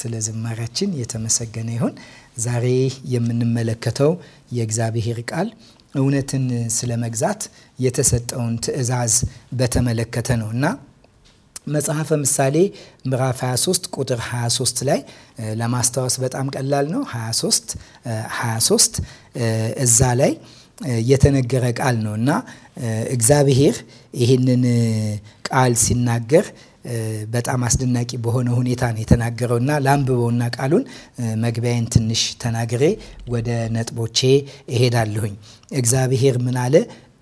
ስለ ዝማሪያችን የተመሰገነ ይሁን። ዛሬ የምንመለከተው የእግዚአብሔር ቃል እውነትን ስለ መግዛት የተሰጠውን ትዕዛዝ በተመለከተ ነው እና መጽሐፈ ምሳሌ ምዕራፍ 23 ቁጥር 23 ላይ ለማስታወስ በጣም ቀላል ነው። 23 23 እዛ ላይ የተነገረ ቃል ነው እና እግዚአብሔር ይህንን ቃል ሲናገር በጣም አስደናቂ በሆነ ሁኔታ ነው የተናገረው እና ላንብበውና ቃሉን መግቢያዬን ትንሽ ተናግሬ ወደ ነጥቦቼ እሄዳለሁኝ። እግዚአብሔር ምን አለ?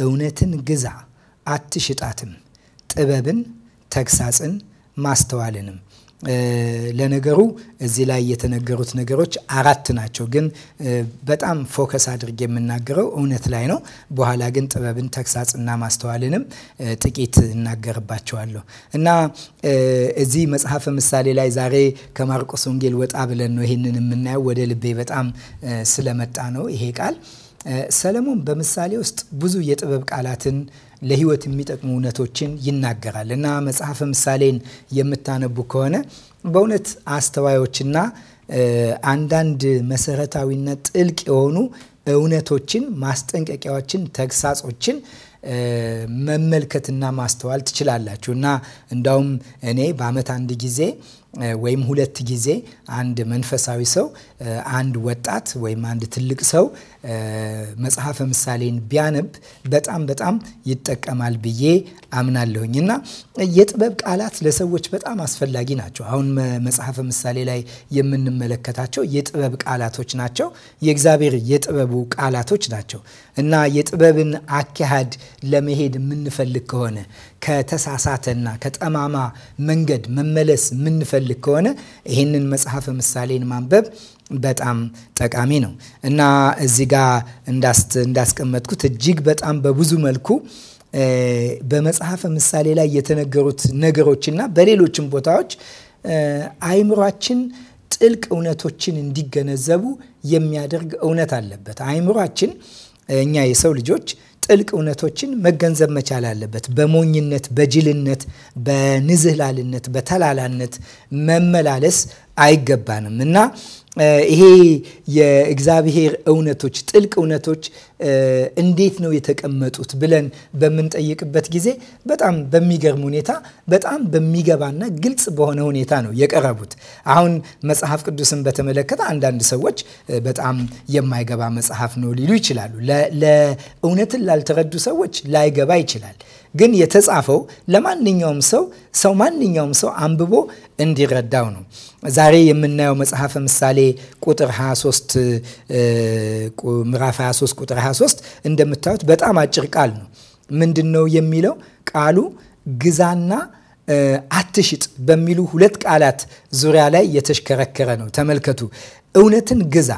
እውነትን ግዛ አትሽጣትም፣ ጥበብን፣ ተግሳጽን፣ ማስተዋልንም ለነገሩ እዚህ ላይ የተነገሩት ነገሮች አራት ናቸው፣ ግን በጣም ፎከስ አድርጌ የምናገረው እውነት ላይ ነው። በኋላ ግን ጥበብን ተግሳጽና ማስተዋልንም ጥቂት እናገርባቸዋለሁ እና እዚህ መጽሐፈ ምሳሌ ላይ ዛሬ ከማርቆስ ወንጌል ወጣ ብለን ነው ይህንን የምናየው። ወደ ልቤ በጣም ስለመጣ ነው ይሄ ቃል። ሰለሞን በምሳሌ ውስጥ ብዙ የጥበብ ቃላትን ለህይወት የሚጠቅሙ እውነቶችን ይናገራል እና መጽሐፈ ምሳሌን የምታነቡ ከሆነ በእውነት አስተዋዮችና አንዳንድ መሰረታዊና ጥልቅ የሆኑ እውነቶችን፣ ማስጠንቀቂያዎችን፣ ተግሳጾችን መመልከትና ማስተዋል ትችላላችሁ እና እንዳውም እኔ በአመት አንድ ጊዜ ወይም ሁለት ጊዜ አንድ መንፈሳዊ ሰው አንድ ወጣት ወይም አንድ ትልቅ ሰው መጽሐፈ ምሳሌን ቢያነብ በጣም በጣም ይጠቀማል ብዬ አምናለሁኝ እና የጥበብ ቃላት ለሰዎች በጣም አስፈላጊ ናቸው። አሁን መጽሐፈ ምሳሌ ላይ የምንመለከታቸው የጥበብ ቃላቶች ናቸው። የእግዚአብሔር የጥበቡ ቃላቶች ናቸው እና የጥበብን አካሄድ ለመሄድ የምንፈልግ ከሆነ ከተሳሳተና ከጠማማ መንገድ መመለስ የምንፈልግ የምትፈልግ ከሆነ ይህንን መጽሐፈ ምሳሌን ማንበብ በጣም ጠቃሚ ነው እና እዚህ ጋ እንዳስቀመጥኩት እጅግ በጣም በብዙ መልኩ በመጽሐፈ ምሳሌ ላይ የተነገሩት ነገሮችና በሌሎችም ቦታዎች አይምሯችን ጥልቅ እውነቶችን እንዲገነዘቡ የሚያደርግ እውነት አለበት። አይምሯችን እኛ የሰው ልጆች ጥልቅ እውነቶችን መገንዘብ መቻል አለበት። በሞኝነት፣ በጅልነት፣ በንዝህላልነት፣ በተላላነት መመላለስ አይገባንም እና ይሄ የእግዚአብሔር እውነቶች ጥልቅ እውነቶች እንዴት ነው የተቀመጡት ብለን በምንጠይቅበት ጊዜ በጣም በሚገርም ሁኔታ በጣም በሚገባና ግልጽ በሆነ ሁኔታ ነው የቀረቡት። አሁን መጽሐፍ ቅዱስን በተመለከተ አንዳንድ ሰዎች በጣም የማይገባ መጽሐፍ ነው ሊሉ ይችላሉ። ለእውነትን ላልተረዱ ሰዎች ላይገባ ይችላል። ግን የተጻፈው ለማንኛውም ሰው ሰው ማንኛውም ሰው አንብቦ እንዲረዳው ነው። ዛሬ የምናየው መጽሐፈ ምሳሌ ቁጥር 23 ምዕራፍ 23 ቁጥር 23 እንደምታዩት በጣም አጭር ቃል ነው። ምንድን ነው የሚለው ቃሉ ግዛና አትሽጥ በሚሉ ሁለት ቃላት ዙሪያ ላይ የተሽከረከረ ነው። ተመልከቱ። እውነትን ግዛ፣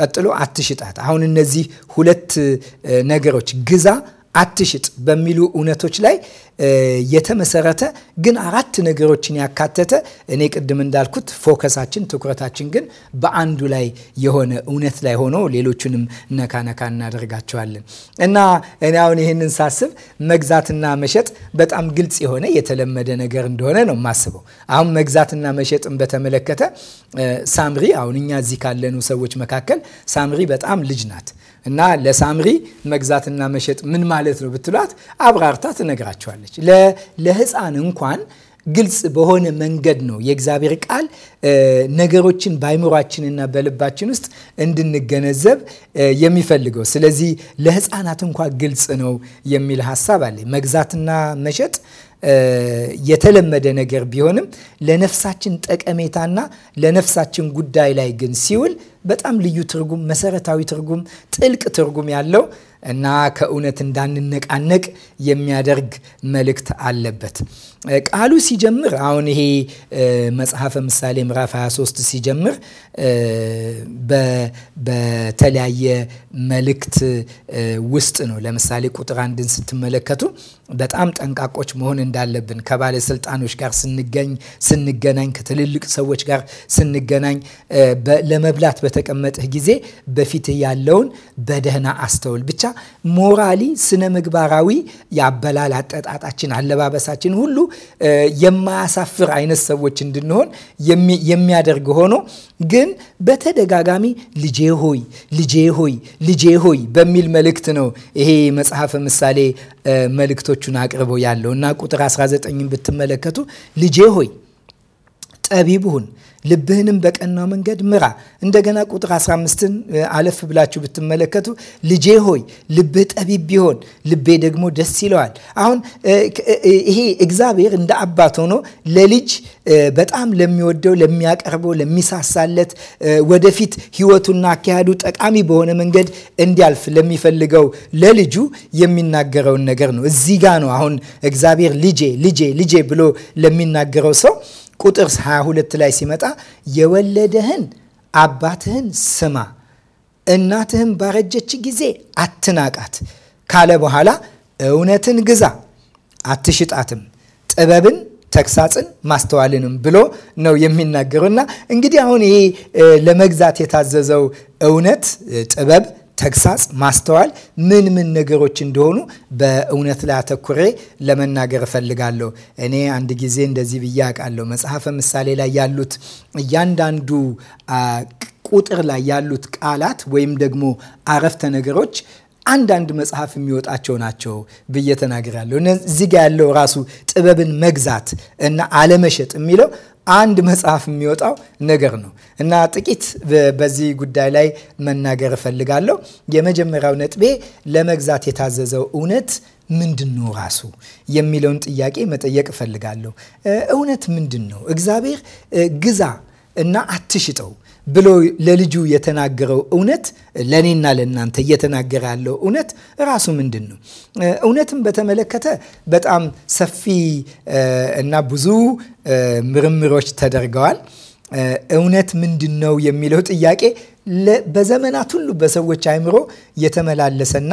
ቀጥሎ አትሽጣት። አሁን እነዚህ ሁለት ነገሮች ግዛ አትሽጥ በሚሉ እውነቶች ላይ የተመሰረተ ግን አራት ነገሮችን ያካተተ እኔ ቅድም እንዳልኩት ፎከሳችን ትኩረታችን ግን በአንዱ ላይ የሆነ እውነት ላይ ሆኖ ሌሎቹንም ነካ ነካ እናደርጋቸዋለን እና እኔ አሁን ይህንን ሳስብ መግዛትና መሸጥ በጣም ግልጽ የሆነ የተለመደ ነገር እንደሆነ ነው የማስበው። አሁን መግዛትና መሸጥን በተመለከተ ሳምሪ አሁን እኛ እዚህ ካለኑ ሰዎች መካከል ሳምሪ በጣም ልጅ ናት። እና ለሳምሪ መግዛትና መሸጥ ምን ማለት ነው ብትሏት አብራርታ ትነግራቸዋለች። ለሕፃን እንኳን ግልጽ በሆነ መንገድ ነው የእግዚአብሔር ቃል ነገሮችን በአይምሯችንና በልባችን ውስጥ እንድንገነዘብ የሚፈልገው። ስለዚህ ለሕፃናት እንኳ ግልጽ ነው የሚል ሀሳብ አለ። መግዛትና መሸጥ የተለመደ ነገር ቢሆንም ለነፍሳችን ጠቀሜታና ለነፍሳችን ጉዳይ ላይ ግን ሲውል በጣም ልዩ ትርጉም፣ መሰረታዊ ትርጉም፣ ጥልቅ ትርጉም ያለው እና ከእውነት እንዳንነቃነቅ የሚያደርግ መልእክት አለበት። ቃሉ ሲጀምር አሁን ይሄ መጽሐፈ ምሳሌ ምዕራፍ 23 ሲጀምር በተለያየ መልእክት ውስጥ ነው። ለምሳሌ ቁጥር አንድን ስትመለከቱ በጣም ጠንቃቆች መሆን እንዳለብን ከባለስልጣኖች ጋር ስንገኝ ስንገናኝ፣ ከትልልቅ ሰዎች ጋር ስንገናኝ፣ ለመብላት በተቀመጥህ ጊዜ በፊትህ ያለውን በደህና አስተውል። ብቻ ሞራሊ ስነ ምግባራዊ የአበላል አጠጣጣችን፣ አለባበሳችን ሁሉ የማያሳፍር አይነት ሰዎች እንድንሆን የሚያደርግ ሆኖ ግን በተደጋጋሚ ልጄ ሆይ ልጄ ሆይ ልጄ ሆይ በሚል መልእክት ነው ይሄ መጽሐፈ ምሳሌ መልእክቶቹን አቅርቦ ያለው እና ቁጥር 19ን ብትመለከቱ ልጄ ሆይ ጠቢብ ሁን፣ ልብህንም በቀናው መንገድ ምራ። እንደገና ቁጥር 15ን አለፍ ብላችሁ ብትመለከቱ ልጄ ሆይ ልብህ ጠቢብ ቢሆን ልቤ ደግሞ ደስ ይለዋል። አሁን ይሄ እግዚአብሔር እንደ አባት ሆኖ ለልጅ በጣም ለሚወደው፣ ለሚያቀርበው፣ ለሚሳሳለት ወደፊት ህይወቱና አካሄዱ ጠቃሚ በሆነ መንገድ እንዲያልፍ ለሚፈልገው ለልጁ የሚናገረውን ነገር ነው። እዚህ ጋ ነው አሁን እግዚአብሔር ልጄ ልጄ ልጄ ብሎ ለሚናገረው ሰው ቁጥር 22 ላይ ሲመጣ የወለደህን አባትህን ስማ፣ እናትህን ባረጀች ጊዜ አትናቃት ካለ በኋላ እውነትን ግዛ አትሽጣትም፣ ጥበብን፣ ተግሳጽን፣ ማስተዋልንም ብሎ ነው የሚናገረው እና እንግዲህ አሁን ይሄ ለመግዛት የታዘዘው እውነት ጥበብ ተግሳጽ፣ ማስተዋል ምን ምን ነገሮች እንደሆኑ በእውነት ላይ አተኩሬ ለመናገር እፈልጋለሁ። እኔ አንድ ጊዜ እንደዚህ ብዬ አውቃለሁ። መጽሐፈ ምሳሌ ላይ ያሉት እያንዳንዱ ቁጥር ላይ ያሉት ቃላት ወይም ደግሞ አረፍተ ነገሮች አንዳንድ መጽሐፍ የሚወጣቸው ናቸው ብዬ ተናግራለሁ። እዚህ ጋ ያለው ራሱ ጥበብን መግዛት እና አለመሸጥ የሚለው አንድ መጽሐፍ የሚወጣው ነገር ነው እና ጥቂት በዚህ ጉዳይ ላይ መናገር እፈልጋለሁ። የመጀመሪያው ነጥቤ ለመግዛት የታዘዘው እውነት ምንድን ነው ራሱ የሚለውን ጥያቄ መጠየቅ እፈልጋለሁ። እውነት ምንድን ነው? እግዚአብሔር ግዛ እና አትሽጠው ብሎ ለልጁ የተናገረው እውነት ለእኔና ለእናንተ እየተናገረ ያለው እውነት ራሱ ምንድን ነው? እውነትን በተመለከተ በጣም ሰፊ እና ብዙ ምርምሮች ተደርገዋል። እውነት ምንድን ነው የሚለው ጥያቄ በዘመናት ሁሉ በሰዎች አይምሮ የተመላለሰና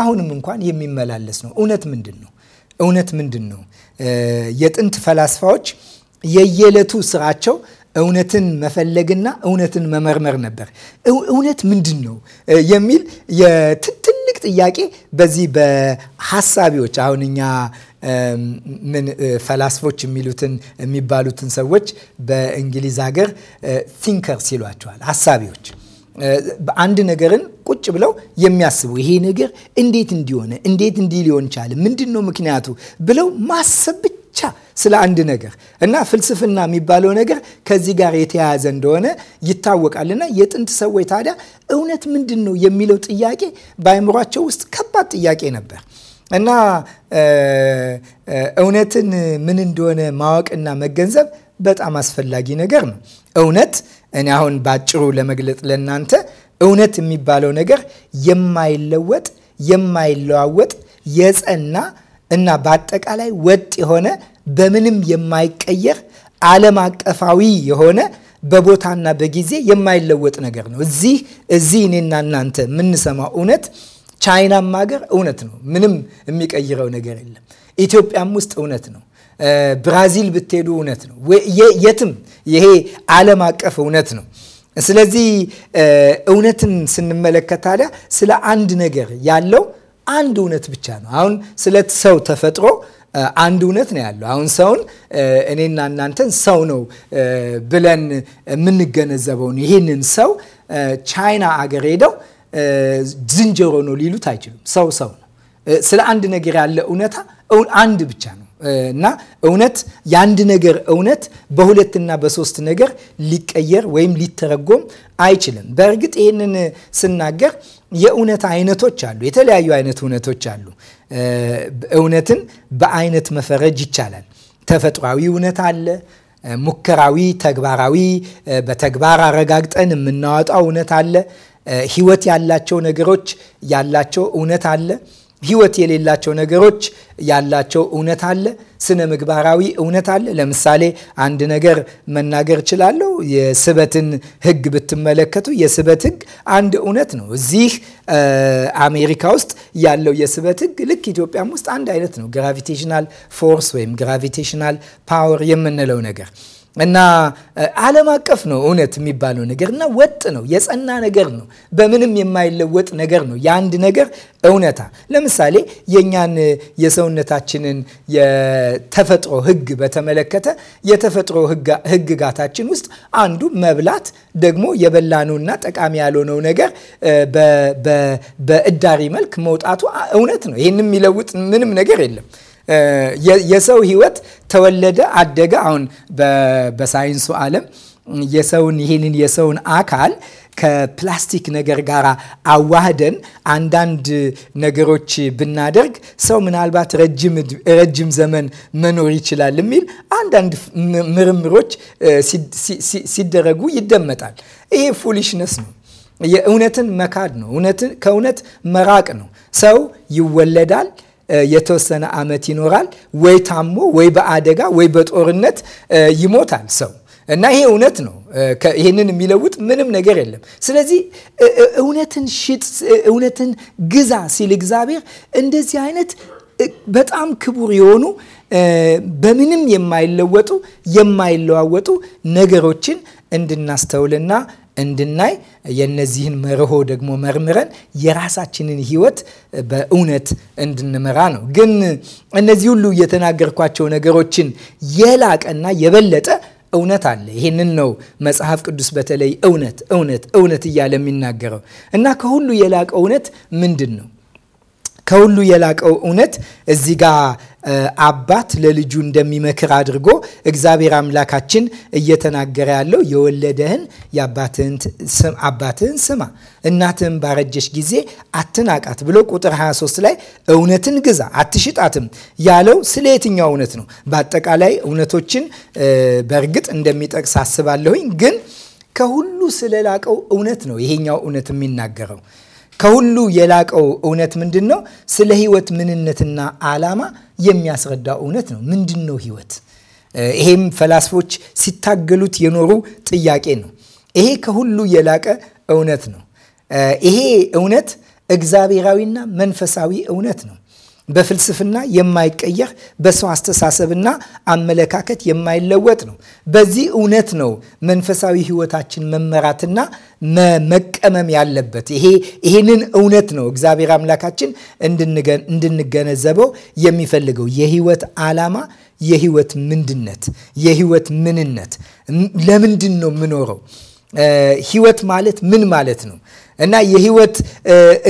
አሁንም እንኳን የሚመላለስ ነው። እውነት ምንድን ነው? እውነት ምንድን ነው? የጥንት ፈላስፋዎች የየዕለቱ ስራቸው እውነትን መፈለግና እውነትን መመርመር ነበር። እውነት ምንድን ነው የሚል ትልቅ ጥያቄ በዚህ በሀሳቢዎች አሁን እኛ ምን ፈላስፎች የሚሉትን የሚባሉትን ሰዎች በእንግሊዝ ሀገር ቲንከር ሲሏቸዋል። ሀሳቢዎች አንድ ነገርን ቁጭ ብለው የሚያስቡ ይሄ ነገር እንዴት እንዲሆነ እንዴት እንዲህ ሊሆን ቻለ፣ ምንድን ነው ምክንያቱ ብለው ማሰብ ብቻ ስለ አንድ ነገር እና ፍልስፍና የሚባለው ነገር ከዚህ ጋር የተያያዘ እንደሆነ ይታወቃልና የጥንት ሰዎች ታዲያ እውነት ምንድን ነው የሚለው ጥያቄ በአይምሯቸው ውስጥ ከባድ ጥያቄ ነበር እና እውነትን ምን እንደሆነ ማወቅና መገንዘብ በጣም አስፈላጊ ነገር ነው። እውነት እኔ አሁን ባጭሩ ለመግለጥ ለእናንተ እውነት የሚባለው ነገር የማይለወጥ የማይለዋወጥ የጸና እና በአጠቃላይ ወጥ የሆነ በምንም የማይቀየር ዓለም አቀፋዊ የሆነ በቦታና በጊዜ የማይለወጥ ነገር ነው። እዚህ እዚህ እኔና እናንተ የምንሰማው እውነት ቻይናም ሀገር እውነት ነው። ምንም የሚቀይረው ነገር የለም። ኢትዮጵያም ውስጥ እውነት ነው። ብራዚል ብትሄዱ እውነት ነው። የትም ይሄ ዓለም አቀፍ እውነት ነው። ስለዚህ እውነትን ስንመለከት ታዲያ ስለ አንድ ነገር ያለው አንድ እውነት ብቻ ነው። አሁን ስለ ሰው ተፈጥሮ አንድ እውነት ነው ያለው። አሁን ሰውን እኔና እናንተን ሰው ነው ብለን የምንገነዘበውን ይህንን ሰው ቻይና አገር ሄደው ዝንጀሮ ነው ሊሉት አይችሉም። ሰው ሰው ነው። ስለ አንድ ነገር ያለ እውነታ አንድ ብቻ ነው። እና እውነት የአንድ ነገር እውነት በሁለትና በሶስት ነገር ሊቀየር ወይም ሊተረጎም አይችልም። በእርግጥ ይህንን ስናገር የእውነት አይነቶች አሉ። የተለያዩ አይነት እውነቶች አሉ። እውነትን በአይነት መፈረጅ ይቻላል። ተፈጥሯዊ እውነት አለ። ሙከራዊ፣ ተግባራዊ በተግባር አረጋግጠን የምናወጣው እውነት አለ። ህይወት ያላቸው ነገሮች ያላቸው እውነት አለ። ህይወት የሌላቸው ነገሮች ያላቸው እውነት አለ። ስነ ምግባራዊ እውነት አለ። ለምሳሌ አንድ ነገር መናገር እችላለሁ። የስበትን ህግ ብትመለከቱ የስበት ህግ አንድ እውነት ነው። እዚህ አሜሪካ ውስጥ ያለው የስበት ህግ ልክ ኢትዮጵያም ውስጥ አንድ አይነት ነው። ግራቪቴሽናል ፎርስ ወይም ግራቪቴሽናል ፓወር የምንለው ነገር እና ዓለም አቀፍ ነው እውነት የሚባለው ነገር እና ወጥ ነው፣ የጸና ነገር ነው፣ በምንም የማይለወጥ ነገር ነው። የአንድ ነገር እውነታ ለምሳሌ የእኛን የሰውነታችንን የተፈጥሮ ሕግ በተመለከተ የተፈጥሮ ሕግጋታችን ውስጥ አንዱ መብላት ደግሞ የበላነውና ጠቃሚ ያልሆነው ነገር በእዳሪ መልክ መውጣቱ እውነት ነው። ይህን የሚለውጥ ምንም ነገር የለም። የሰው ህይወት ተወለደ፣ አደገ። አሁን በሳይንሱ ዓለም የሰውን ይህንን የሰውን አካል ከፕላስቲክ ነገር ጋር አዋህደን አንዳንድ ነገሮች ብናደርግ ሰው ምናልባት ረጅም ዘመን መኖር ይችላል የሚል አንዳንድ ምርምሮች ሲደረጉ ይደመጣል። ይሄ ፉሊሽነስ ነው። የእውነትን መካድ ነው። ከእውነት መራቅ ነው። ሰው ይወለዳል የተወሰነ ዓመት ይኖራል፣ ወይ ታሞ ወይ በአደጋ ወይ በጦርነት ይሞታል ሰው እና ይሄ እውነት ነው። ይህንን የሚለውጥ ምንም ነገር የለም። ስለዚህ እውነትን ሽጥ፣ እውነትን ግዛ ሲል እግዚአብሔር እንደዚህ አይነት በጣም ክቡር የሆኑ በምንም የማይለወጡ የማይለዋወጡ ነገሮችን እንድናስተውልና እንድናይ የነዚህን መርሆ ደግሞ መርምረን የራሳችንን ህይወት በእውነት እንድንመራ ነው። ግን እነዚህ ሁሉ የተናገርኳቸው ነገሮችን የላቀና የበለጠ እውነት አለ። ይህንን ነው መጽሐፍ ቅዱስ በተለይ እውነት እውነት እውነት እያለ የሚናገረው እና ከሁሉ የላቀ እውነት ምንድን ነው? ከሁሉ የላቀው እውነት እዚህ ጋር አባት ለልጁ እንደሚመክር አድርጎ እግዚአብሔር አምላካችን እየተናገረ ያለው የወለደህን አባትህን ስማ፣ እናትህን ባረጀሽ ጊዜ አትናቃት ብሎ ቁጥር 23 ላይ እውነትን ግዛ አትሽጣትም ያለው ስለ የትኛው እውነት ነው? በአጠቃላይ እውነቶችን በእርግጥ እንደሚጠቅስ አስባለሁኝ፣ ግን ከሁሉ ስለላቀው እውነት ነው ይሄኛው እውነት የሚናገረው ከሁሉ የላቀው እውነት ምንድን ነው? ስለ ህይወት ምንነትና ዓላማ የሚያስረዳ እውነት ነው። ምንድን ነው ህይወት? ይሄም ፈላስፎች ሲታገሉት የኖሩ ጥያቄ ነው። ይሄ ከሁሉ የላቀ እውነት ነው። ይሄ እውነት እግዚአብሔራዊና መንፈሳዊ እውነት ነው። በፍልስፍና የማይቀየር በሰው አስተሳሰብና አመለካከት የማይለወጥ ነው። በዚህ እውነት ነው መንፈሳዊ ሕይወታችን መመራትና መቀመም ያለበት። ይሄ ይህንን እውነት ነው እግዚአብሔር አምላካችን እንድንገነዘበው የሚፈልገው የሕይወት ዓላማ የሕይወት ምንድነት፣ የሕይወት ምንነት፣ ለምንድን ነው የምኖረው? ሕይወት ማለት ምን ማለት ነው? እና የህይወት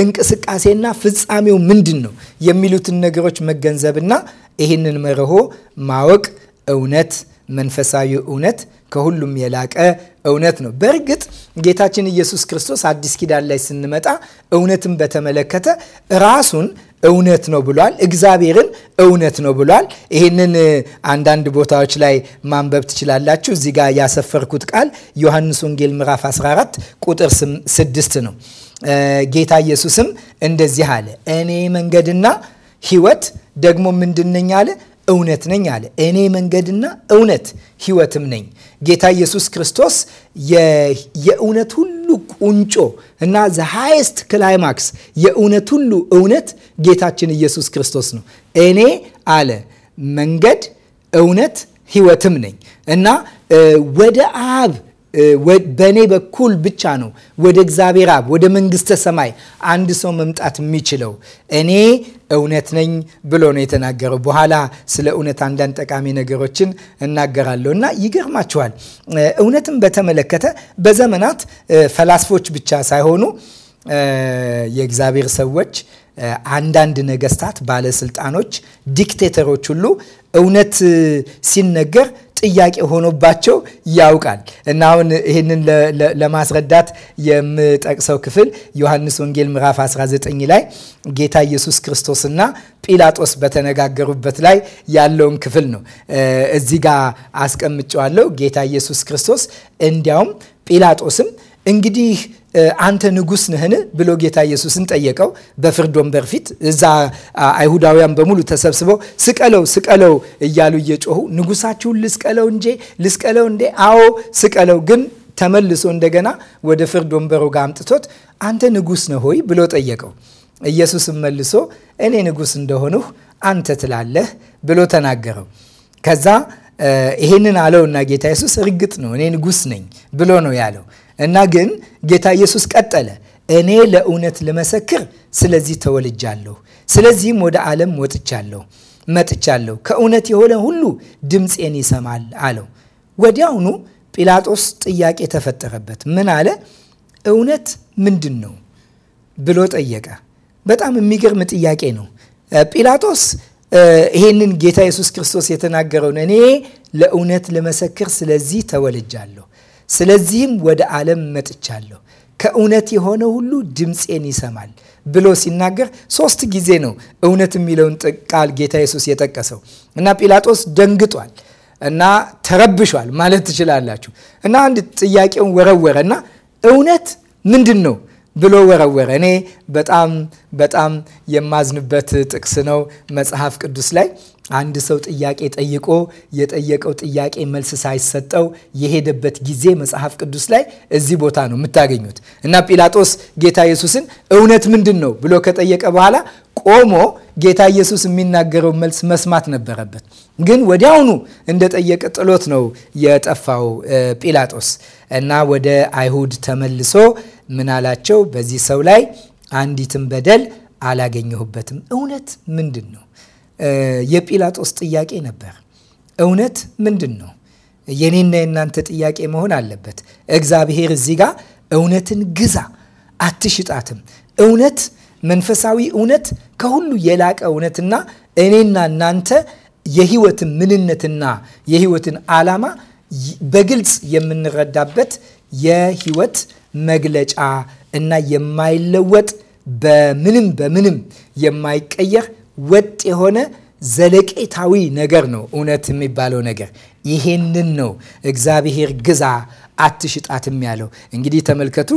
እንቅስቃሴና ፍጻሜው ምንድን ነው የሚሉትን ነገሮች መገንዘብና ይህንን መርሆ ማወቅ እውነት መንፈሳዊ እውነት ከሁሉም የላቀ እውነት ነው። በእርግጥ ጌታችን ኢየሱስ ክርስቶስ አዲስ ኪዳን ላይ ስንመጣ እውነትን በተመለከተ ራሱን እውነት ነው ብሏል። እግዚአብሔርም እውነት ነው ብሏል። ይህንን አንዳንድ ቦታዎች ላይ ማንበብ ትችላላችሁ። እዚህ ጋር ያሰፈርኩት ቃል ዮሐንስ ወንጌል ምዕራፍ 14 ቁጥር 6 ነው። ጌታ ኢየሱስም እንደዚህ አለ፣ እኔ መንገድና ሕይወት ደግሞ ምንድነኝ አለ እውነት ነኝ አለ። እኔ መንገድና እውነት ህይወትም ነኝ። ጌታ ኢየሱስ ክርስቶስ የእውነት ሁሉ ቁንጮ እና ዘ ሃይስት ክላይማክስ የእውነት ሁሉ እውነት ጌታችን ኢየሱስ ክርስቶስ ነው። እኔ አለ መንገድ፣ እውነት፣ ህይወትም ነኝ እና ወደ አብ በእኔ በኩል ብቻ ነው ወደ እግዚአብሔር አብ ወደ መንግስተ ሰማይ አንድ ሰው መምጣት የሚችለው እኔ እውነት ነኝ ብሎ ነው የተናገረው። በኋላ ስለ እውነት አንዳንድ ጠቃሚ ነገሮችን እናገራለሁ እና ይገርማችኋል። እውነትን በተመለከተ በዘመናት ፈላስፎች ብቻ ሳይሆኑ የእግዚአብሔር ሰዎች፣ አንዳንድ ነገስታት፣ ባለስልጣኖች፣ ዲክቴተሮች ሁሉ እውነት ሲነገር ጥያቄ ሆኖባቸው ያውቃል። እና አሁን ይህንን ለማስረዳት የምጠቅሰው ክፍል ዮሐንስ ወንጌል ምዕራፍ 19 ላይ ጌታ ኢየሱስ ክርስቶስና ጲላጦስ በተነጋገሩበት ላይ ያለውን ክፍል ነው። እዚህ ጋር አስቀምጨዋለሁ። ጌታ ኢየሱስ ክርስቶስ እንዲያውም ጲላጦስም እንግዲህ አንተ ንጉስ ነህን ብሎ ጌታ ኢየሱስን ጠየቀው። በፍርድ ወንበር ፊት እዛ አይሁዳውያን በሙሉ ተሰብስበው ስቀለው ስቀለው እያሉ እየጮሁ ንጉሳችሁን ልስቀለው እንጂ ልስቀለው እንዴ? አዎ ስቀለው። ግን ተመልሶ እንደገና ወደ ፍርድ ወንበሩ ጋር አምጥቶት አንተ ንጉስ ነህ ሆይ ብሎ ጠየቀው። ኢየሱስም መልሶ እኔ ንጉስ እንደሆንሁ አንተ ትላለህ ብሎ ተናገረው። ከዛ ይሄንን አለውና ጌታ ኢየሱስ እርግጥ ነው እኔ ንጉስ ነኝ ብሎ ነው ያለው። እና ግን ጌታ ኢየሱስ ቀጠለ። እኔ ለእውነት ልመሰክር፣ ስለዚህ ተወልጃለሁ፣ ስለዚህም ወደ ዓለም ወጥቻለሁ መጥቻለሁ ከእውነት የሆነ ሁሉ ድምፄን ይሰማል አለው። ወዲያውኑ ጲላጦስ ጥያቄ ተፈጠረበት። ምን አለ? እውነት ምንድን ነው ብሎ ጠየቀ። በጣም የሚገርም ጥያቄ ነው። ጲላጦስ ይሄንን ጌታ ኢየሱስ ክርስቶስ የተናገረውን እኔ ለእውነት ልመሰክር ስለዚህ ተወልጃለሁ ስለዚህም ወደ ዓለም መጥቻለሁ ከእውነት የሆነ ሁሉ ድምፄን ይሰማል ብሎ ሲናገር ሶስት ጊዜ ነው እውነት የሚለውን ቃል ጌታ ኢየሱስ የጠቀሰው እና ጲላጦስ ደንግጧል እና ተረብሿል ማለት ትችላላችሁ። እና አንድ ጥያቄውን ወረወረ እና እውነት ምንድን ነው ብሎ ወረወረ። እኔ በጣም በጣም የማዝንበት ጥቅስ ነው መጽሐፍ ቅዱስ ላይ አንድ ሰው ጥያቄ ጠይቆ የጠየቀው ጥያቄ መልስ ሳይሰጠው የሄደበት ጊዜ መጽሐፍ ቅዱስ ላይ እዚህ ቦታ ነው የምታገኙት። እና ጲላጦስ ጌታ ኢየሱስን እውነት ምንድን ነው ብሎ ከጠየቀ በኋላ ቆሞ ጌታ ኢየሱስ የሚናገረው መልስ መስማት ነበረበት። ግን ወዲያውኑ እንደጠየቀ ጥሎት ነው የጠፋው ጲላጦስ። እና ወደ አይሁድ ተመልሶ ምን አላቸው? በዚህ ሰው ላይ አንዲትም በደል አላገኘሁበትም። እውነት ምንድን ነው የጲላጦስ ጥያቄ ነበር። እውነት ምንድን ነው? የኔና የእናንተ ጥያቄ መሆን አለበት። እግዚአብሔር እዚህ ጋር እውነትን ግዛ፣ አትሽጣትም። እውነት መንፈሳዊ እውነት ከሁሉ የላቀ እውነትና እኔና እናንተ የህይወትን ምንነትና የህይወትን ዓላማ በግልጽ የምንረዳበት የህይወት መግለጫ እና የማይለወጥ በምንም በምንም የማይቀየር ወጥ የሆነ ዘለቄታዊ ነገር ነው እውነት የሚባለው ነገር። ይሄንን ነው እግዚአብሔር ግዛ አትሽጣትም ያለው። እንግዲህ ተመልከቱ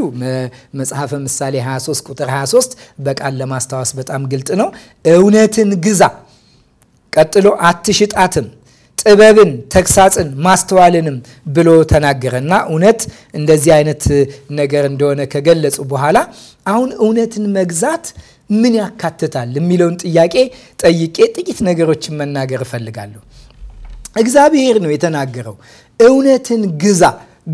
መጽሐፈ ምሳሌ 23 ቁጥር 23 በቃል ለማስታወስ በጣም ግልጥ ነው። እውነትን ግዛ፣ ቀጥሎ አትሽጣትም ጥበብን፣ ተግሳጽን፣ ማስተዋልንም ብሎ ተናገረ እና እውነት እንደዚህ አይነት ነገር እንደሆነ ከገለጹ በኋላ አሁን እውነትን መግዛት ምን ያካትታል የሚለውን ጥያቄ ጠይቄ ጥቂት ነገሮችን መናገር እፈልጋለሁ። እግዚአብሔር ነው የተናገረው እውነትን ግዛ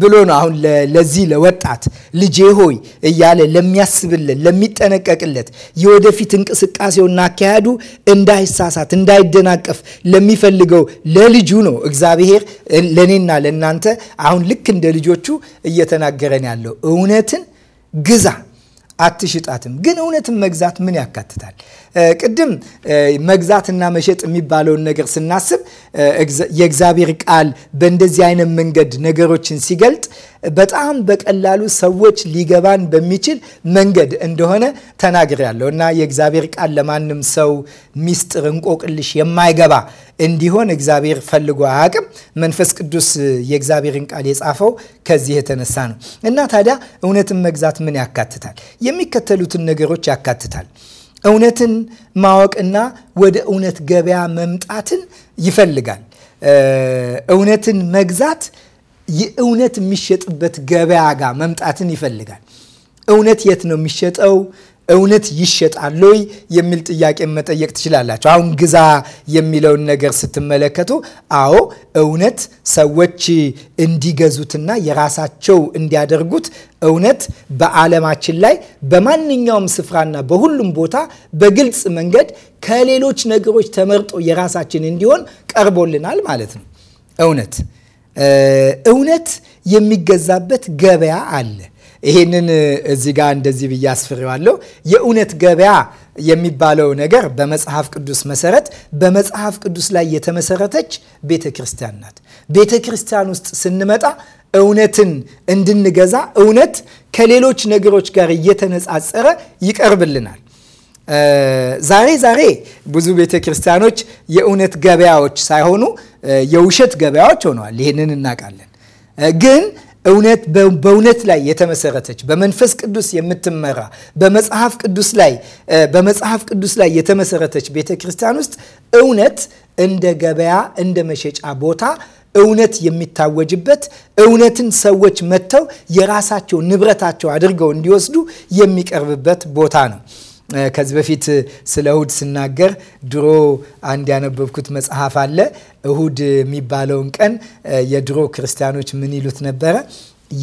ብሎ ነው አሁን ለዚህ ለወጣት ልጄ ሆይ እያለ ለሚያስብለት ለሚጠነቀቅለት የወደፊት እንቅስቃሴውና አካሄዱ እንዳይሳሳት እንዳይደናቀፍ ለሚፈልገው ለልጁ ነው እግዚአብሔር ለእኔና ለእናንተ አሁን ልክ እንደ ልጆቹ እየተናገረን ያለው እውነትን ግዛ አትሽጣትም። ግን እውነትን መግዛት ምን ያካትታል? ቅድም መግዛትና መሸጥ የሚባለውን ነገር ስናስብ የእግዚአብሔር ቃል በእንደዚህ አይነት መንገድ ነገሮችን ሲገልጥ በጣም በቀላሉ ሰዎች ሊገባን በሚችል መንገድ እንደሆነ ተናግሬያለሁ እና የእግዚአብሔር ቃል ለማንም ሰው ሚስጥር እንቆቅልሽ የማይገባ እንዲሆን እግዚአብሔር ፈልጎ አያውቅም። መንፈስ ቅዱስ የእግዚአብሔርን ቃል የጻፈው ከዚህ የተነሳ ነው እና ታዲያ እውነትን መግዛት ምን ያካትታል? የሚከተሉትን ነገሮች ያካትታል። እውነትን ማወቅና ወደ እውነት ገበያ መምጣትን ይፈልጋል። እውነትን መግዛት የእውነት የሚሸጥበት ገበያ ጋር መምጣትን ይፈልጋል። እውነት የት ነው የሚሸጠው? እውነት ይሸጣል ወይ የሚል ጥያቄ መጠየቅ ትችላላችሁ። አሁን ግዛ የሚለውን ነገር ስትመለከቱ፣ አዎ እውነት ሰዎች እንዲገዙትና የራሳቸው እንዲያደርጉት እውነት በዓለማችን ላይ በማንኛውም ስፍራና በሁሉም ቦታ በግልጽ መንገድ ከሌሎች ነገሮች ተመርጦ የራሳችን እንዲሆን ቀርቦልናል ማለት ነው። እውነት እውነት የሚገዛበት ገበያ አለ። ይሄንን እዚህ ጋር እንደዚህ ብዬ አስፍሬዋለሁ። የእውነት ገበያ የሚባለው ነገር በመጽሐፍ ቅዱስ መሰረት በመጽሐፍ ቅዱስ ላይ የተመሰረተች ቤተ ክርስቲያን ናት። ቤተ ክርስቲያን ውስጥ ስንመጣ እውነትን እንድንገዛ እውነት ከሌሎች ነገሮች ጋር እየተነጻጸረ ይቀርብልናል። ዛሬ ዛሬ ብዙ ቤተ ክርስቲያኖች የእውነት ገበያዎች ሳይሆኑ የውሸት ገበያዎች ሆነዋል። ይህንን እናውቃለን ግን እውነት በእውነት ላይ የተመሰረተች በመንፈስ ቅዱስ የምትመራ በመጽሐፍ ቅዱስ ላይ በመጽሐፍ ቅዱስ ላይ የተመሰረተች ቤተ ክርስቲያን ውስጥ እውነት እንደ ገበያ እንደ መሸጫ ቦታ እውነት የሚታወጅበት እውነትን ሰዎች መጥተው የራሳቸው ንብረታቸው አድርገው እንዲወስዱ የሚቀርብበት ቦታ ነው። ከዚህ በፊት ስለ እሁድ ስናገር ድሮ አንድ ያነበብኩት መጽሐፍ አለ። እሁድ የሚባለውን ቀን የድሮ ክርስቲያኖች ምን ይሉት ነበረ?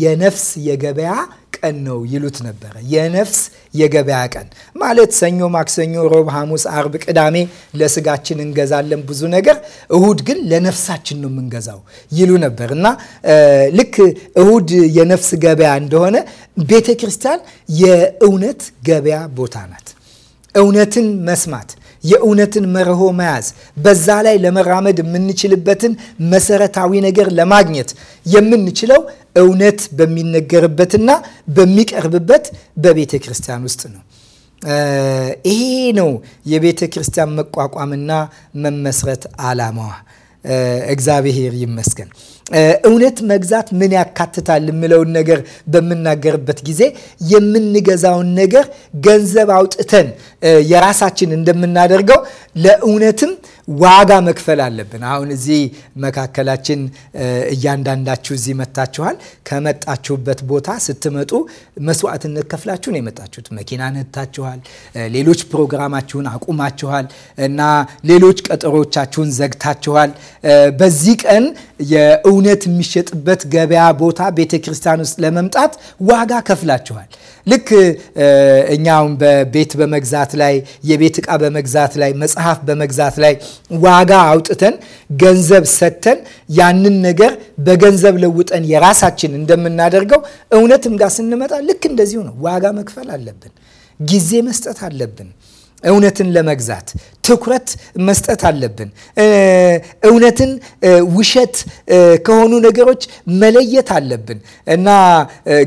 የነፍስ የገበያ ቀን ነው ይሉት ነበረ። የነፍስ የገበያ ቀን ማለት ሰኞ፣ ማክሰኞ፣ ሮብ፣ ሐሙስ፣ አርብ፣ ቅዳሜ ለስጋችን እንገዛለን ብዙ ነገር፣ እሁድ ግን ለነፍሳችን ነው የምንገዛው ይሉ ነበር እና ልክ እሁድ የነፍስ ገበያ እንደሆነ ቤተ ክርስቲያን የእውነት ገበያ ቦታ ናት። እውነትን መስማት፣ የእውነትን መርሆ መያዝ፣ በዛ ላይ ለመራመድ የምንችልበትን መሰረታዊ ነገር ለማግኘት የምንችለው እውነት በሚነገርበትና በሚቀርብበት በቤተ ክርስቲያን ውስጥ ነው። ይሄ ነው የቤተ ክርስቲያን መቋቋምና መመስረት ዓላማዋ። እግዚአብሔር ይመስገን። እውነት መግዛት ምን ያካትታል የምለውን ነገር በምናገርበት ጊዜ የምንገዛውን ነገር ገንዘብ አውጥተን የራሳችን እንደምናደርገው ለእውነትም ዋጋ መክፈል አለብን። አሁን እዚህ መካከላችን እያንዳንዳችሁ እዚህ መጥታችኋል። ከመጣችሁበት ቦታ ስትመጡ መስዋዕትነት ከፍላችሁ ነው የመጣችሁት። መኪና ነድታችኋል፣ ሌሎች ፕሮግራማችሁን አቁማችኋል እና ሌሎች ቀጠሮቻችሁን ዘግታችኋል። በዚህ ቀን የእውነት የሚሸጥበት ገበያ ቦታ ቤተ ክርስቲያን ውስጥ ለመምጣት ዋጋ ከፍላችኋል። ልክ እኛውም በቤት በመግዛት ላይ የቤት ዕቃ በመግዛት ላይ መጽሐፍ በመግዛት ላይ ዋጋ አውጥተን ገንዘብ ሰጥተን ያንን ነገር በገንዘብ ለውጠን የራሳችን እንደምናደርገው እውነትም ጋር ስንመጣ ልክ እንደዚሁ ነው። ዋጋ መክፈል አለብን። ጊዜ መስጠት አለብን። እውነትን ለመግዛት ትኩረት መስጠት አለብን። እውነትን ውሸት ከሆኑ ነገሮች መለየት አለብን እና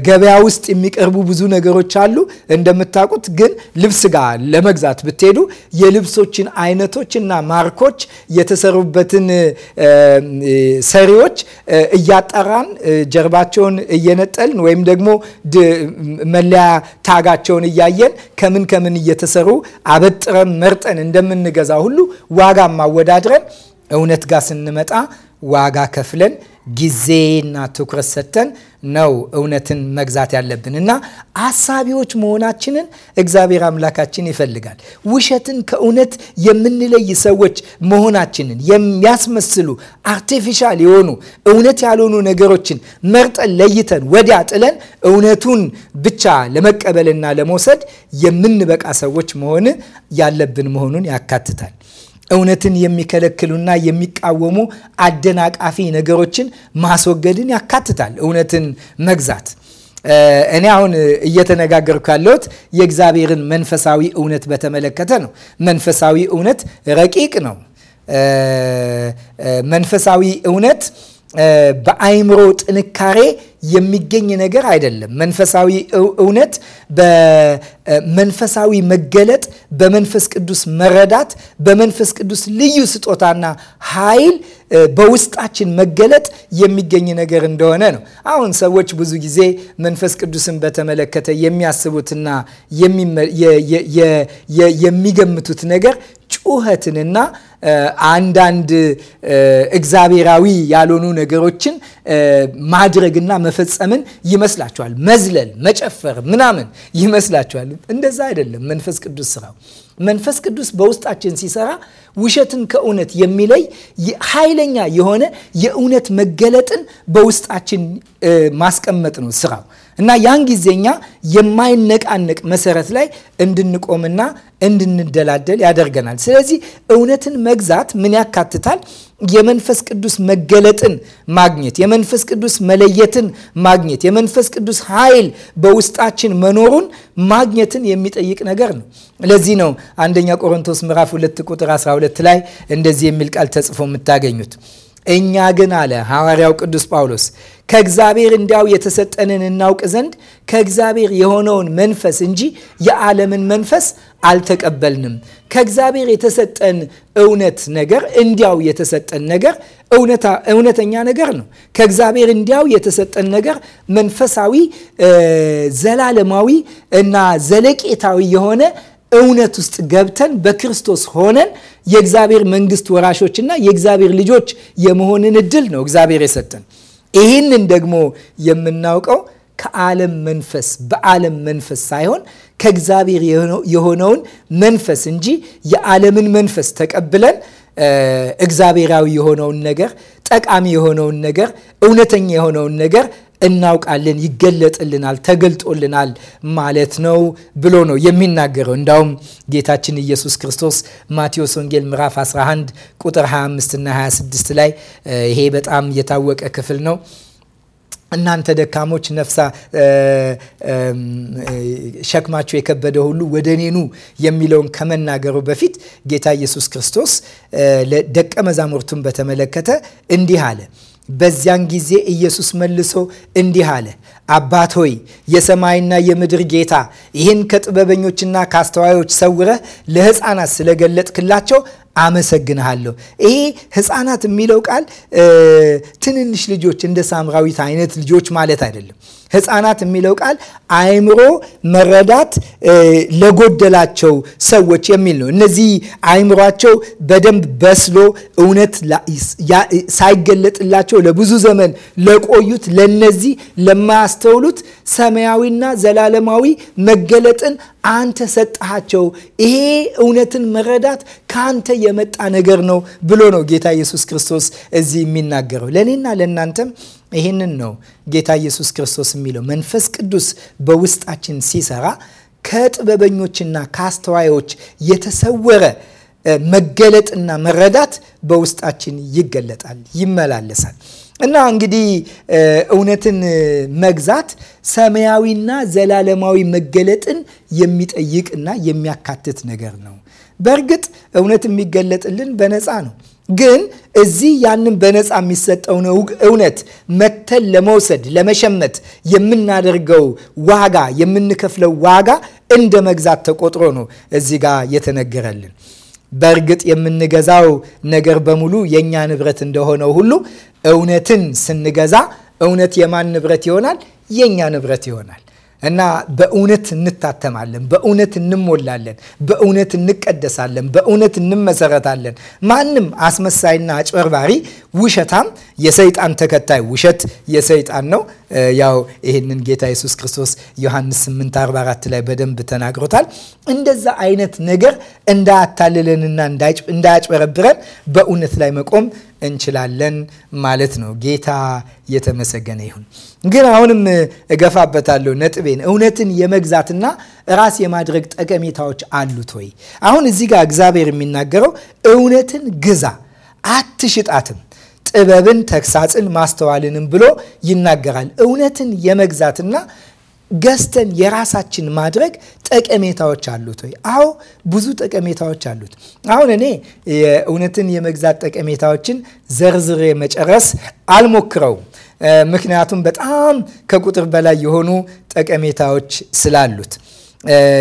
ገበያ ውስጥ የሚቀርቡ ብዙ ነገሮች አሉ እንደምታውቁት። ግን ልብስ ጋር ለመግዛት ብትሄዱ የልብሶችን አይነቶች እና ማርኮች የተሰሩበትን ሰሪዎች እያጠራን ጀርባቸውን እየነጠልን ወይም ደግሞ መለያ ታጋቸውን እያየን ከምን ከምን እየተሰሩ አበጥረን መርጠን እንደምንገዛ ሁሉ ዋጋም አወዳድረን እውነት ጋር ስንመጣ ዋጋ ከፍለን ጊዜና ትኩረት ሰጥተን ነው እውነትን መግዛት ያለብን እና አሳቢዎች መሆናችንን እግዚአብሔር አምላካችን ይፈልጋል። ውሸትን ከእውነት የምንለይ ሰዎች መሆናችንን የሚያስመስሉ አርቲፊሻል የሆኑ እውነት ያልሆኑ ነገሮችን መርጠን ለይተን ወዲያ ጥለን እውነቱን ብቻ ለመቀበልና ለመውሰድ የምንበቃ ሰዎች መሆን ያለብን መሆኑን ያካትታል። እውነትን የሚከለክሉና የሚቃወሙ አደናቃፊ ነገሮችን ማስወገድን ያካትታል። እውነትን መግዛት እኔ አሁን እየተነጋገርኩ ያለሁት የእግዚአብሔርን መንፈሳዊ እውነት በተመለከተ ነው። መንፈሳዊ እውነት ረቂቅ ነው። መንፈሳዊ እውነት በአይምሮ ጥንካሬ የሚገኝ ነገር አይደለም። መንፈሳዊ እውነት በመንፈሳዊ መገለጥ፣ በመንፈስ ቅዱስ መረዳት፣ በመንፈስ ቅዱስ ልዩ ስጦታና ኃይል በውስጣችን መገለጥ የሚገኝ ነገር እንደሆነ ነው። አሁን ሰዎች ብዙ ጊዜ መንፈስ ቅዱስን በተመለከተ የሚያስቡትና የሚገምቱት ነገር ጩኸትንና አንዳንድ እግዚአብሔራዊ ያልሆኑ ነገሮችን ማድረግና መፈጸምን ይመስላችኋል። መዝለል፣ መጨፈር ምናምን ይመስላችኋል። እንደዛ አይደለም መንፈስ ቅዱስ ስራው። መንፈስ ቅዱስ በውስጣችን ሲሰራ ውሸትን ከእውነት የሚለይ ኃይለኛ የሆነ የእውነት መገለጥን በውስጣችን ማስቀመጥ ነው ስራው። እና ያን ጊዜኛ የማይነቃነቅ መሰረት ላይ እንድንቆምና እንድንደላደል ያደርገናል። ስለዚህ እውነትን መግዛት ምን ያካትታል? የመንፈስ ቅዱስ መገለጥን ማግኘት፣ የመንፈስ ቅዱስ መለየትን ማግኘት፣ የመንፈስ ቅዱስ ኃይል በውስጣችን መኖሩን ማግኘትን የሚጠይቅ ነገር ነው። ለዚህ ነው አንደኛ ቆሮንቶስ ምዕራፍ 2 ቁጥር 12 ላይ እንደዚህ የሚል ቃል ተጽፎ የምታገኙት እኛ ግን አለ ሐዋርያው ቅዱስ ጳውሎስ ከእግዚአብሔር እንዲያው የተሰጠንን እናውቅ ዘንድ ከእግዚአብሔር የሆነውን መንፈስ እንጂ የዓለምን መንፈስ አልተቀበልንም። ከእግዚአብሔር የተሰጠን እውነት ነገር እንዲያው የተሰጠን ነገር እውነተኛ ነገር ነው። ከእግዚአብሔር እንዲያው የተሰጠን ነገር መንፈሳዊ፣ ዘላለማዊ እና ዘለቄታዊ የሆነ እውነት ውስጥ ገብተን በክርስቶስ ሆነን የእግዚአብሔር መንግስት ወራሾችና የእግዚአብሔር ልጆች የመሆንን እድል ነው እግዚአብሔር የሰጠን። ይህንን ደግሞ የምናውቀው ከዓለም መንፈስ በዓለም መንፈስ ሳይሆን ከእግዚአብሔር የሆነውን መንፈስ እንጂ የዓለምን መንፈስ ተቀብለን እግዚአብሔራዊ የሆነውን ነገር ጠቃሚ የሆነውን ነገር እውነተኛ የሆነውን ነገር እናውቃለን፣ ይገለጥልናል፣ ተገልጦልናል ማለት ነው ብሎ ነው የሚናገረው። እንዳውም ጌታችን ኢየሱስ ክርስቶስ ማቴዎስ ወንጌል ምዕራፍ 11 ቁጥር 25 እና 26 ላይ ይሄ በጣም የታወቀ ክፍል ነው እናንተ ደካሞች ነፍሳ ሸክማቸው የከበደ ሁሉ ወደ እኔኑ የሚለውን ከመናገሩ በፊት ጌታ ኢየሱስ ክርስቶስ ደቀ መዛሙርቱን በተመለከተ እንዲህ አለ። በዚያን ጊዜ ኢየሱስ መልሶ እንዲህ አለ፣ አባት ሆይ የሰማይና የምድር ጌታ ይህን ከጥበበኞችና ከአስተዋዮች ሰውረህ ለሕፃናት ስለገለጥክላቸው አመሰግንሃለሁ። ይሄ ሕፃናት የሚለው ቃል ትንንሽ ልጆች እንደ ሳምራዊት አይነት ልጆች ማለት አይደለም። ሕፃናት የሚለው ቃል አእምሮ መረዳት ለጎደላቸው ሰዎች የሚል ነው። እነዚህ አእምሯቸው በደንብ በስሎ እውነት ሳይገለጥላቸው ለብዙ ዘመን ለቆዩት ለነዚህ ለማያስ የሚያስተውሉት ሰማያዊና ዘላለማዊ መገለጥን አንተ ሰጠሃቸው። ይሄ እውነትን መረዳት ከአንተ የመጣ ነገር ነው ብሎ ነው ጌታ ኢየሱስ ክርስቶስ እዚህ የሚናገረው። ለእኔና ለእናንተም ይህንን ነው ጌታ ኢየሱስ ክርስቶስ የሚለው። መንፈስ ቅዱስ በውስጣችን ሲሰራ ከጥበበኞችና ከአስተዋዮች የተሰወረ መገለጥና መረዳት በውስጣችን ይገለጣል፣ ይመላለሳል። እና እንግዲህ እውነትን መግዛት ሰማያዊና ዘላለማዊ መገለጥን የሚጠይቅ እና የሚያካትት ነገር ነው። በእርግጥ እውነት የሚገለጥልን በነፃ ነው። ግን እዚህ ያንን በነፃ የሚሰጠውን እውነት መተን ለመውሰድ ለመሸመት የምናደርገው ዋጋ የምንከፍለው ዋጋ እንደ መግዛት ተቆጥሮ ነው እዚህ ጋር የተነገረልን። በእርግጥ የምንገዛው ነገር በሙሉ የእኛ ንብረት እንደሆነው ሁሉ እውነትን ስንገዛ እውነት የማን ንብረት ይሆናል? የእኛ ንብረት ይሆናል። እና በእውነት እንታተማለን፣ በእውነት እንሞላለን፣ በእውነት እንቀደሳለን፣ በእውነት እንመሰረታለን። ማንም አስመሳይና አጭበርባሪ ውሸታም፣ የሰይጣን ተከታይ ውሸት የሰይጣን ነው። ያው ይህንን ጌታ ኢየሱስ ክርስቶስ ዮሐንስ 8:44 ላይ በደንብ ተናግሮታል። እንደዛ አይነት ነገር እንዳያታልለንና እንዳያጭበረብረን በእውነት ላይ መቆም እንችላለን ማለት ነው። ጌታ የተመሰገነ ይሁን። ግን አሁንም እገፋበታለሁ ነጥቤን፣ እውነትን የመግዛትና ራስ የማድረግ ጠቀሜታዎች አሉት ወይ? አሁን እዚህ ጋር እግዚአብሔር የሚናገረው እውነትን ግዛ፣ አትሽጣትም ጥበብን፣ ተግሳጽን፣ ማስተዋልንም ብሎ ይናገራል። እውነትን የመግዛትና ገዝተን የራሳችን ማድረግ ጠቀሜታዎች አሉት ወይ? አዎ ብዙ ጠቀሜታዎች አሉት። አሁን እኔ የእውነትን የመግዛት ጠቀሜታዎችን ዘርዝሬ መጨረስ አልሞክረውም፣ ምክንያቱም በጣም ከቁጥር በላይ የሆኑ ጠቀሜታዎች ስላሉት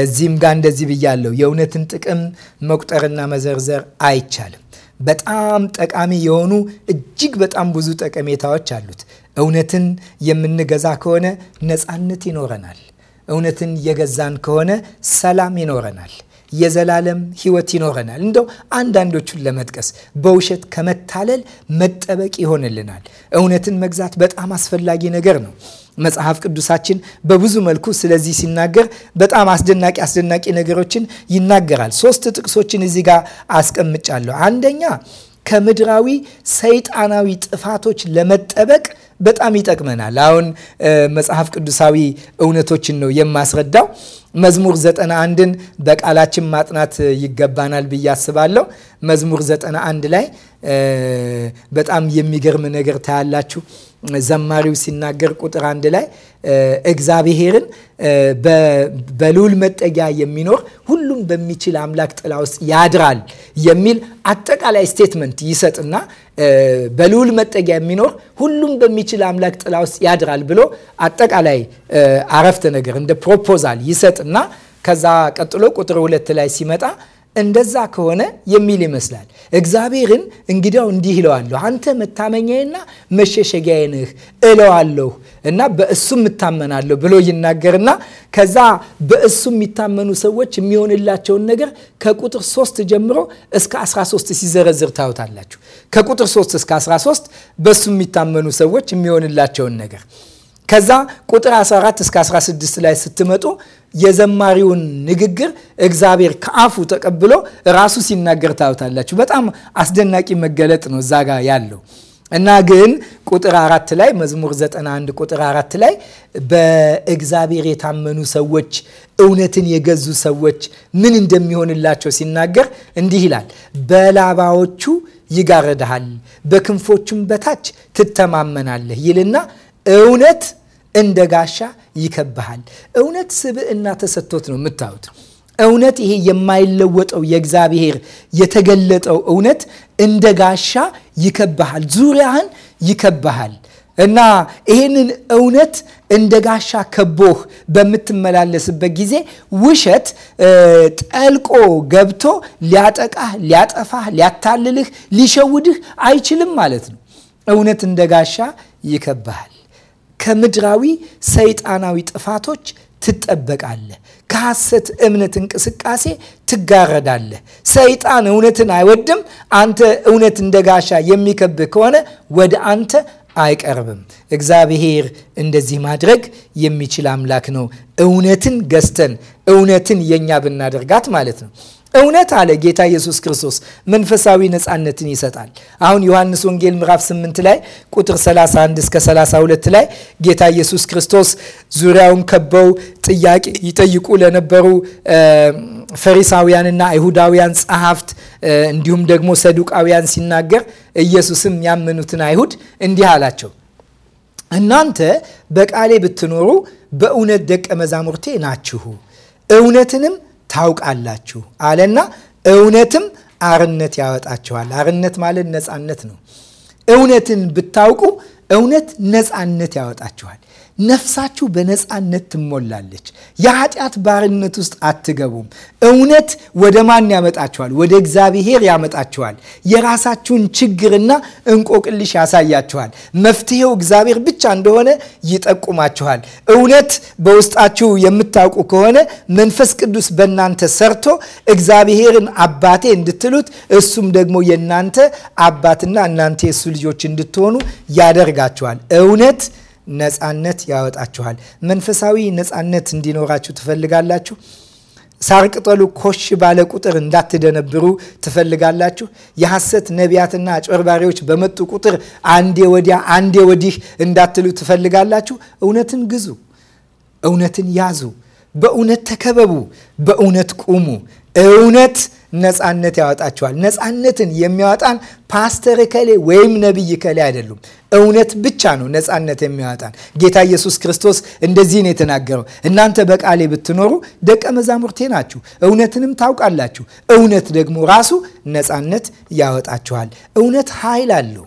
እዚህም ጋር እንደዚህ ብያለሁ። የእውነትን ጥቅም መቁጠርና መዘርዘር አይቻልም። በጣም ጠቃሚ የሆኑ እጅግ በጣም ብዙ ጠቀሜታዎች አሉት። እውነትን የምንገዛ ከሆነ ነፃነት ይኖረናል። እውነትን የገዛን ከሆነ ሰላም ይኖረናል። የዘላለም ሕይወት ይኖረናል። እንደው አንዳንዶቹን ለመጥቀስ በውሸት ከመታለል መጠበቅ ይሆንልናል። እውነትን መግዛት በጣም አስፈላጊ ነገር ነው። መጽሐፍ ቅዱሳችን በብዙ መልኩ ስለዚህ ሲናገር በጣም አስደናቂ አስደናቂ ነገሮችን ይናገራል። ሶስት ጥቅሶችን እዚህ ጋር አስቀምጫለሁ። አንደኛ ከምድራዊ ሰይጣናዊ ጥፋቶች ለመጠበቅ በጣም ይጠቅመናል። አሁን መጽሐፍ ቅዱሳዊ እውነቶችን ነው የማስረዳው። መዝሙር ዘጠና አንድን በቃላችን ማጥናት ይገባናል ብዬ አስባለሁ። መዝሙር ዘጠና አንድ ላይ በጣም የሚገርም ነገር ታያላችሁ። ዘማሪው ሲናገር ቁጥር አንድ ላይ እግዚአብሔርን በልዑል መጠጊያ የሚኖር ሁሉም በሚችል አምላክ ጥላ ውስጥ ያድራል የሚል አጠቃላይ ስቴትመንት ይሰጥና በልዑል መጠጊያ የሚኖር ሁሉም በሚችል አምላክ ጥላ ውስጥ ያድራል ብሎ አጠቃላይ አረፍተ ነገር እንደ ፕሮፖዛል ይሰጥና ከዛ ቀጥሎ ቁጥር ሁለት ላይ ሲመጣ እንደዛ ከሆነ የሚል ይመስላል። እግዚአብሔርን እንግዲያው እንዲህ ይለዋለሁ፣ አንተ መታመኛዬና መሸሸጊያዬ ነህ እለዋለሁ እና በእሱም እታመናለሁ ብሎ ይናገርና ከዛ በእሱ የሚታመኑ ሰዎች የሚሆንላቸውን ነገር ከቁጥር 3 ጀምሮ እስከ 13 ሲዘረዝር ታዩታላችሁ። ከቁጥር 3 እስከ 13 በእሱ የሚታመኑ ሰዎች የሚሆንላቸውን ነገር ከዛ ቁጥር 14 እስከ 16 ላይ ስትመጡ የዘማሪውን ንግግር እግዚአብሔር ከአፉ ተቀብሎ ራሱ ሲናገር ታዩታላችሁ። በጣም አስደናቂ መገለጥ ነው እዛ ጋር ያለው እና ግን ቁጥር አራት ላይ መዝሙር 91 ቁጥር አራት ላይ በእግዚአብሔር የታመኑ ሰዎች እውነትን የገዙ ሰዎች ምን እንደሚሆንላቸው ሲናገር እንዲህ ይላል በላባዎቹ ይጋረድሃል፣ በክንፎቹም በታች ትተማመናለህ ይልና እውነት እንደ ጋሻ ይከብሃል። እውነት ስብዕና ተሰጥቶት ነው የምታዩት። እውነት ይሄ የማይለወጠው የእግዚአብሔር የተገለጠው እውነት እንደ ጋሻ ይከብሃል፣ ዙሪያህን ይከብሃል እና ይሄንን እውነት እንደ ጋሻ ከቦህ በምትመላለስበት ጊዜ ውሸት ጠልቆ ገብቶ ሊያጠቃህ፣ ሊያጠፋህ፣ ሊያታልልህ፣ ሊሸውድህ አይችልም ማለት ነው። እውነት እንደ ጋሻ ይከብሃል። ከምድራዊ ሰይጣናዊ ጥፋቶች ትጠበቃለህ። ከሐሰት እምነት እንቅስቃሴ ትጋረዳለህ። ሰይጣን እውነትን አይወድም። አንተ እውነት እንደ ጋሻ የሚከብህ ከሆነ ወደ አንተ አይቀርብም። እግዚአብሔር እንደዚህ ማድረግ የሚችል አምላክ ነው። እውነትን ገዝተን እውነትን የእኛ ብናደርጋት ማለት ነው። እውነት አለ ጌታ ኢየሱስ ክርስቶስ መንፈሳዊ ነፃነትን ይሰጣል። አሁን ዮሐንስ ወንጌል ምዕራፍ 8 ላይ ቁጥር 31 እስከ 32 ላይ ጌታ ኢየሱስ ክርስቶስ ዙሪያውን ከበው ጥያቄ ይጠይቁ ለነበሩ ፈሪሳውያንና አይሁዳውያን ጸሐፍት እንዲሁም ደግሞ ሰዱቃውያን ሲናገር ኢየሱስም ያመኑትን አይሁድ እንዲህ አላቸው እናንተ በቃሌ ብትኖሩ በእውነት ደቀ መዛሙርቴ ናችሁ እውነትንም ታውቃላችሁ አለና እውነትም አርነት ያወጣችኋል። አርነት ማለት ነፃነት ነው። እውነትን ብታውቁ እውነት ነፃነት ያወጣችኋል። ነፍሳችሁ በነፃነት ትሞላለች። የኃጢአት ባርነት ውስጥ አትገቡም። እውነት ወደ ማን ያመጣችኋል? ወደ እግዚአብሔር ያመጣችኋል። የራሳችሁን ችግርና እንቆቅልሽ ያሳያችኋል። መፍትሄው እግዚአብሔር ብቻ እንደሆነ ይጠቁማችኋል። እውነት በውስጣችሁ የምታውቁ ከሆነ መንፈስ ቅዱስ በእናንተ ሰርቶ እግዚአብሔርን አባቴ እንድትሉት እሱም ደግሞ የእናንተ አባትና እናንተ የእሱ ልጆች እንድትሆኑ ያደርጋችኋል። እውነት ነፃነት ያወጣችኋል። መንፈሳዊ ነፃነት እንዲኖራችሁ ትፈልጋላችሁ? ሳር ቅጠሉ ኮሽ ባለ ቁጥር እንዳትደነብሩ ትፈልጋላችሁ? የሐሰት ነቢያትና አጭበርባሪዎች በመጡ ቁጥር አንዴ ወዲያ አንዴ ወዲህ እንዳትሉ ትፈልጋላችሁ? እውነትን ግዙ፣ እውነትን ያዙ፣ በእውነት ተከበቡ፣ በእውነት ቁሙ። እውነት ነፃነት ያወጣቸዋል ነፃነትን የሚያወጣን ፓስተር ከሌ ወይም ነቢይ ከሌ አይደሉም። እውነት ብቻ ነው ነፃነት የሚያወጣን። ጌታ ኢየሱስ ክርስቶስ እንደዚህ ነው የተናገረው፣ እናንተ በቃሌ ብትኖሩ ደቀ መዛሙርቴ ናችሁ፣ እውነትንም ታውቃላችሁ፣ እውነት ደግሞ ራሱ ነፃነት ያወጣችኋል። እውነት ኃይል አለው።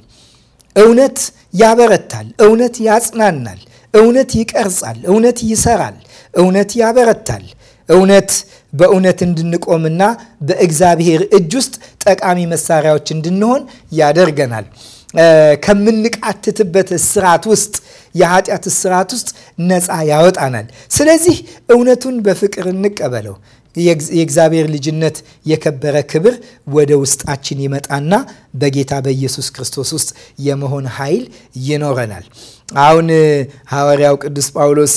እውነት ያበረታል። እውነት ያጽናናል። እውነት ይቀርጻል። እውነት ይሰራል። እውነት ያበረታል። እውነት በእውነት እንድንቆምና በእግዚአብሔር እጅ ውስጥ ጠቃሚ መሳሪያዎች እንድንሆን ያደርገናል። ከምንቃትትበት ስርዓት ውስጥ የኃጢአት ስርዓት ውስጥ ነፃ ያወጣናል። ስለዚህ እውነቱን በፍቅር እንቀበለው። የእግዚአብሔር ልጅነት የከበረ ክብር ወደ ውስጣችን ይመጣና በጌታ በኢየሱስ ክርስቶስ ውስጥ የመሆን ኃይል ይኖረናል። አሁን ሐዋርያው ቅዱስ ጳውሎስ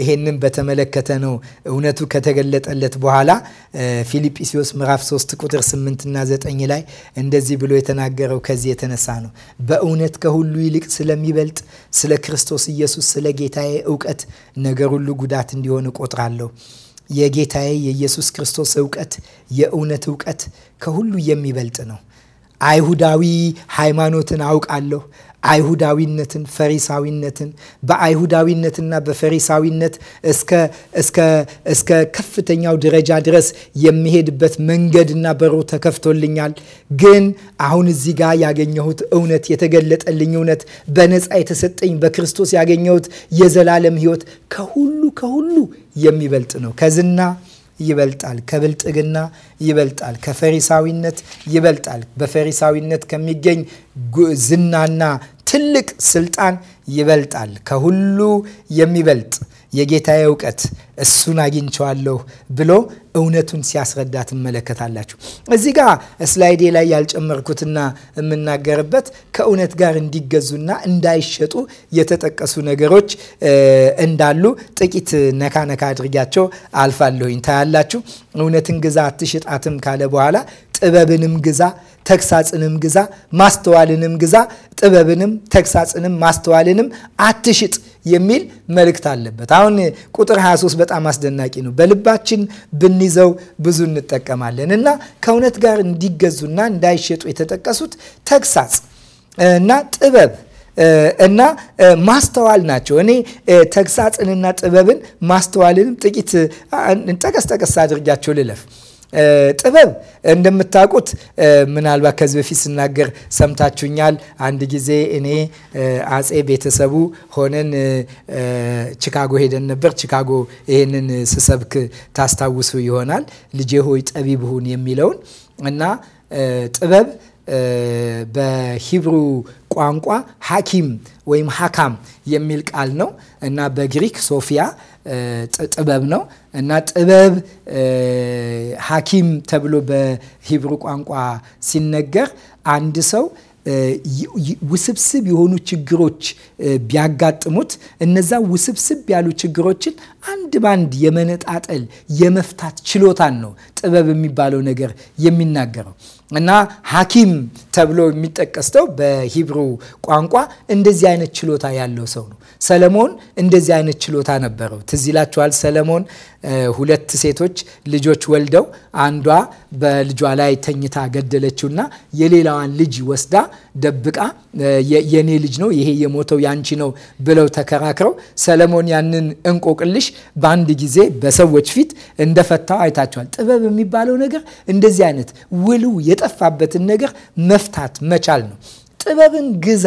ይሄንን በተመለከተ ነው እውነቱ ከተገለጠለት በኋላ ፊልጵስዎስ ምዕራፍ 3 ቁጥር 8 እና 9 ላይ እንደዚህ ብሎ የተናገረው ከዚህ የተነሳ ነው። በእውነት ከሁሉ ይልቅ ስለሚበልጥ ስለ ክርስቶስ ኢየሱስ ስለ ጌታዬ እውቀት ነገር ሁሉ ጉዳት እንዲሆን እቆጥራለሁ። የጌታዬ የኢየሱስ ክርስቶስ እውቀት የእውነት እውቀት ከሁሉ የሚበልጥ ነው። አይሁዳዊ ሃይማኖትን አውቃለሁ። አይሁዳዊነትን፣ ፈሪሳዊነትን በአይሁዳዊነትና በፈሪሳዊነት እስከ ከፍተኛው ደረጃ ድረስ የሚሄድበት መንገድና በሩ ተከፍቶልኛል። ግን አሁን እዚህ ጋር ያገኘሁት እውነት የተገለጠልኝ እውነት በነፃ የተሰጠኝ በክርስቶስ ያገኘሁት የዘላለም ሕይወት ከሁሉ ከሁሉ የሚበልጥ ነው ከዝና ይበልጣል፣ ከብልጥግና ይበልጣል፣ ከፈሪሳዊነት ይበልጣል፣ በፈሪሳዊነት ከሚገኝ ዝናና ትልቅ ስልጣን ይበልጣል፣ ከሁሉ የሚበልጥ የጌታዬ እውቀት እሱን አግኝቸዋለሁ ብሎ እውነቱን ሲያስረዳ ትመለከታላችሁ። እዚህ ጋር ስላይዴ ላይ ያልጨመርኩትና የምናገርበት ከእውነት ጋር እንዲገዙና እንዳይሸጡ የተጠቀሱ ነገሮች እንዳሉ ጥቂት ነካ ነካ አድርጊያቸው አልፋለሁኝ። ታያላችሁ። እውነትን ግዛ አትሽጣትም ካለ በኋላ ጥበብንም ግዛ ተግሳጽንም ግዛ ማስተዋልንም ግዛ ጥበብንም ተግሳጽንም ማስተዋልንም አትሽጥ የሚል መልእክት አለበት። አሁን ቁጥር 23 በጣም አስደናቂ ነው። በልባችን ብንይዘው ብዙ እንጠቀማለን እና ከእውነት ጋር እንዲገዙና እንዳይሸጡ የተጠቀሱት ተግሳጽ እና ጥበብ እና ማስተዋል ናቸው። እኔ ተግሳጽንና ጥበብን ማስተዋልንም ጥቂት ጠቀስ ጠቀስ አድርጊያቸው ልለፍ። ጥበብ እንደምታውቁት ምናልባት ከዚህ በፊት ስናገር ሰምታችሁኛል። አንድ ጊዜ እኔ አጼ ቤተሰቡ ሆነን ቺካጎ ሄደን ነበር። ቺካጎ ይህንን ስሰብክ ታስታውሱ ይሆናል። ልጄ ሆይ ጠቢብ ሁን የሚለውን እና ጥበብ በሂብሩ ቋንቋ ሐኪም ወይም ሀካም የሚል ቃል ነው እና በግሪክ ሶፊያ ጥበብ ነው እና ጥበብ ሐኪም ተብሎ በሂብሩ ቋንቋ ሲነገር አንድ ሰው ውስብስብ የሆኑ ችግሮች ቢያጋጥሙት እነዛ ውስብስብ ያሉ ችግሮችን አንድ ባንድ የመነጣጠል የመፍታት ችሎታን ነው ጥበብ የሚባለው ነገር የሚናገረው። እና ሐኪም ተብሎ የሚጠቀስተው በሂብሩ ቋንቋ እንደዚህ አይነት ችሎታ ያለው ሰው ነው። ሰለሞን እንደዚህ አይነት ችሎታ ነበረው። ትዝ ይላችኋል። ሰለሞን ሁለት ሴቶች ልጆች ወልደው አንዷ በልጇ ላይ ተኝታ ገደለችውና የሌላዋን ልጅ ወስዳ ደብቃ የኔ ልጅ ነው ይሄ የሞተው ያንቺ ነው ብለው ተከራክረው ሰለሞን ያንን እንቆቅልሽ በአንድ ጊዜ በሰዎች ፊት እንደፈታው አይታችኋል። ጥበብ የሚባለው ነገር እንደዚህ አይነት ውሉ የጠፋበትን ነገር መፍታት መቻል ነው። ጥበብን ግዛ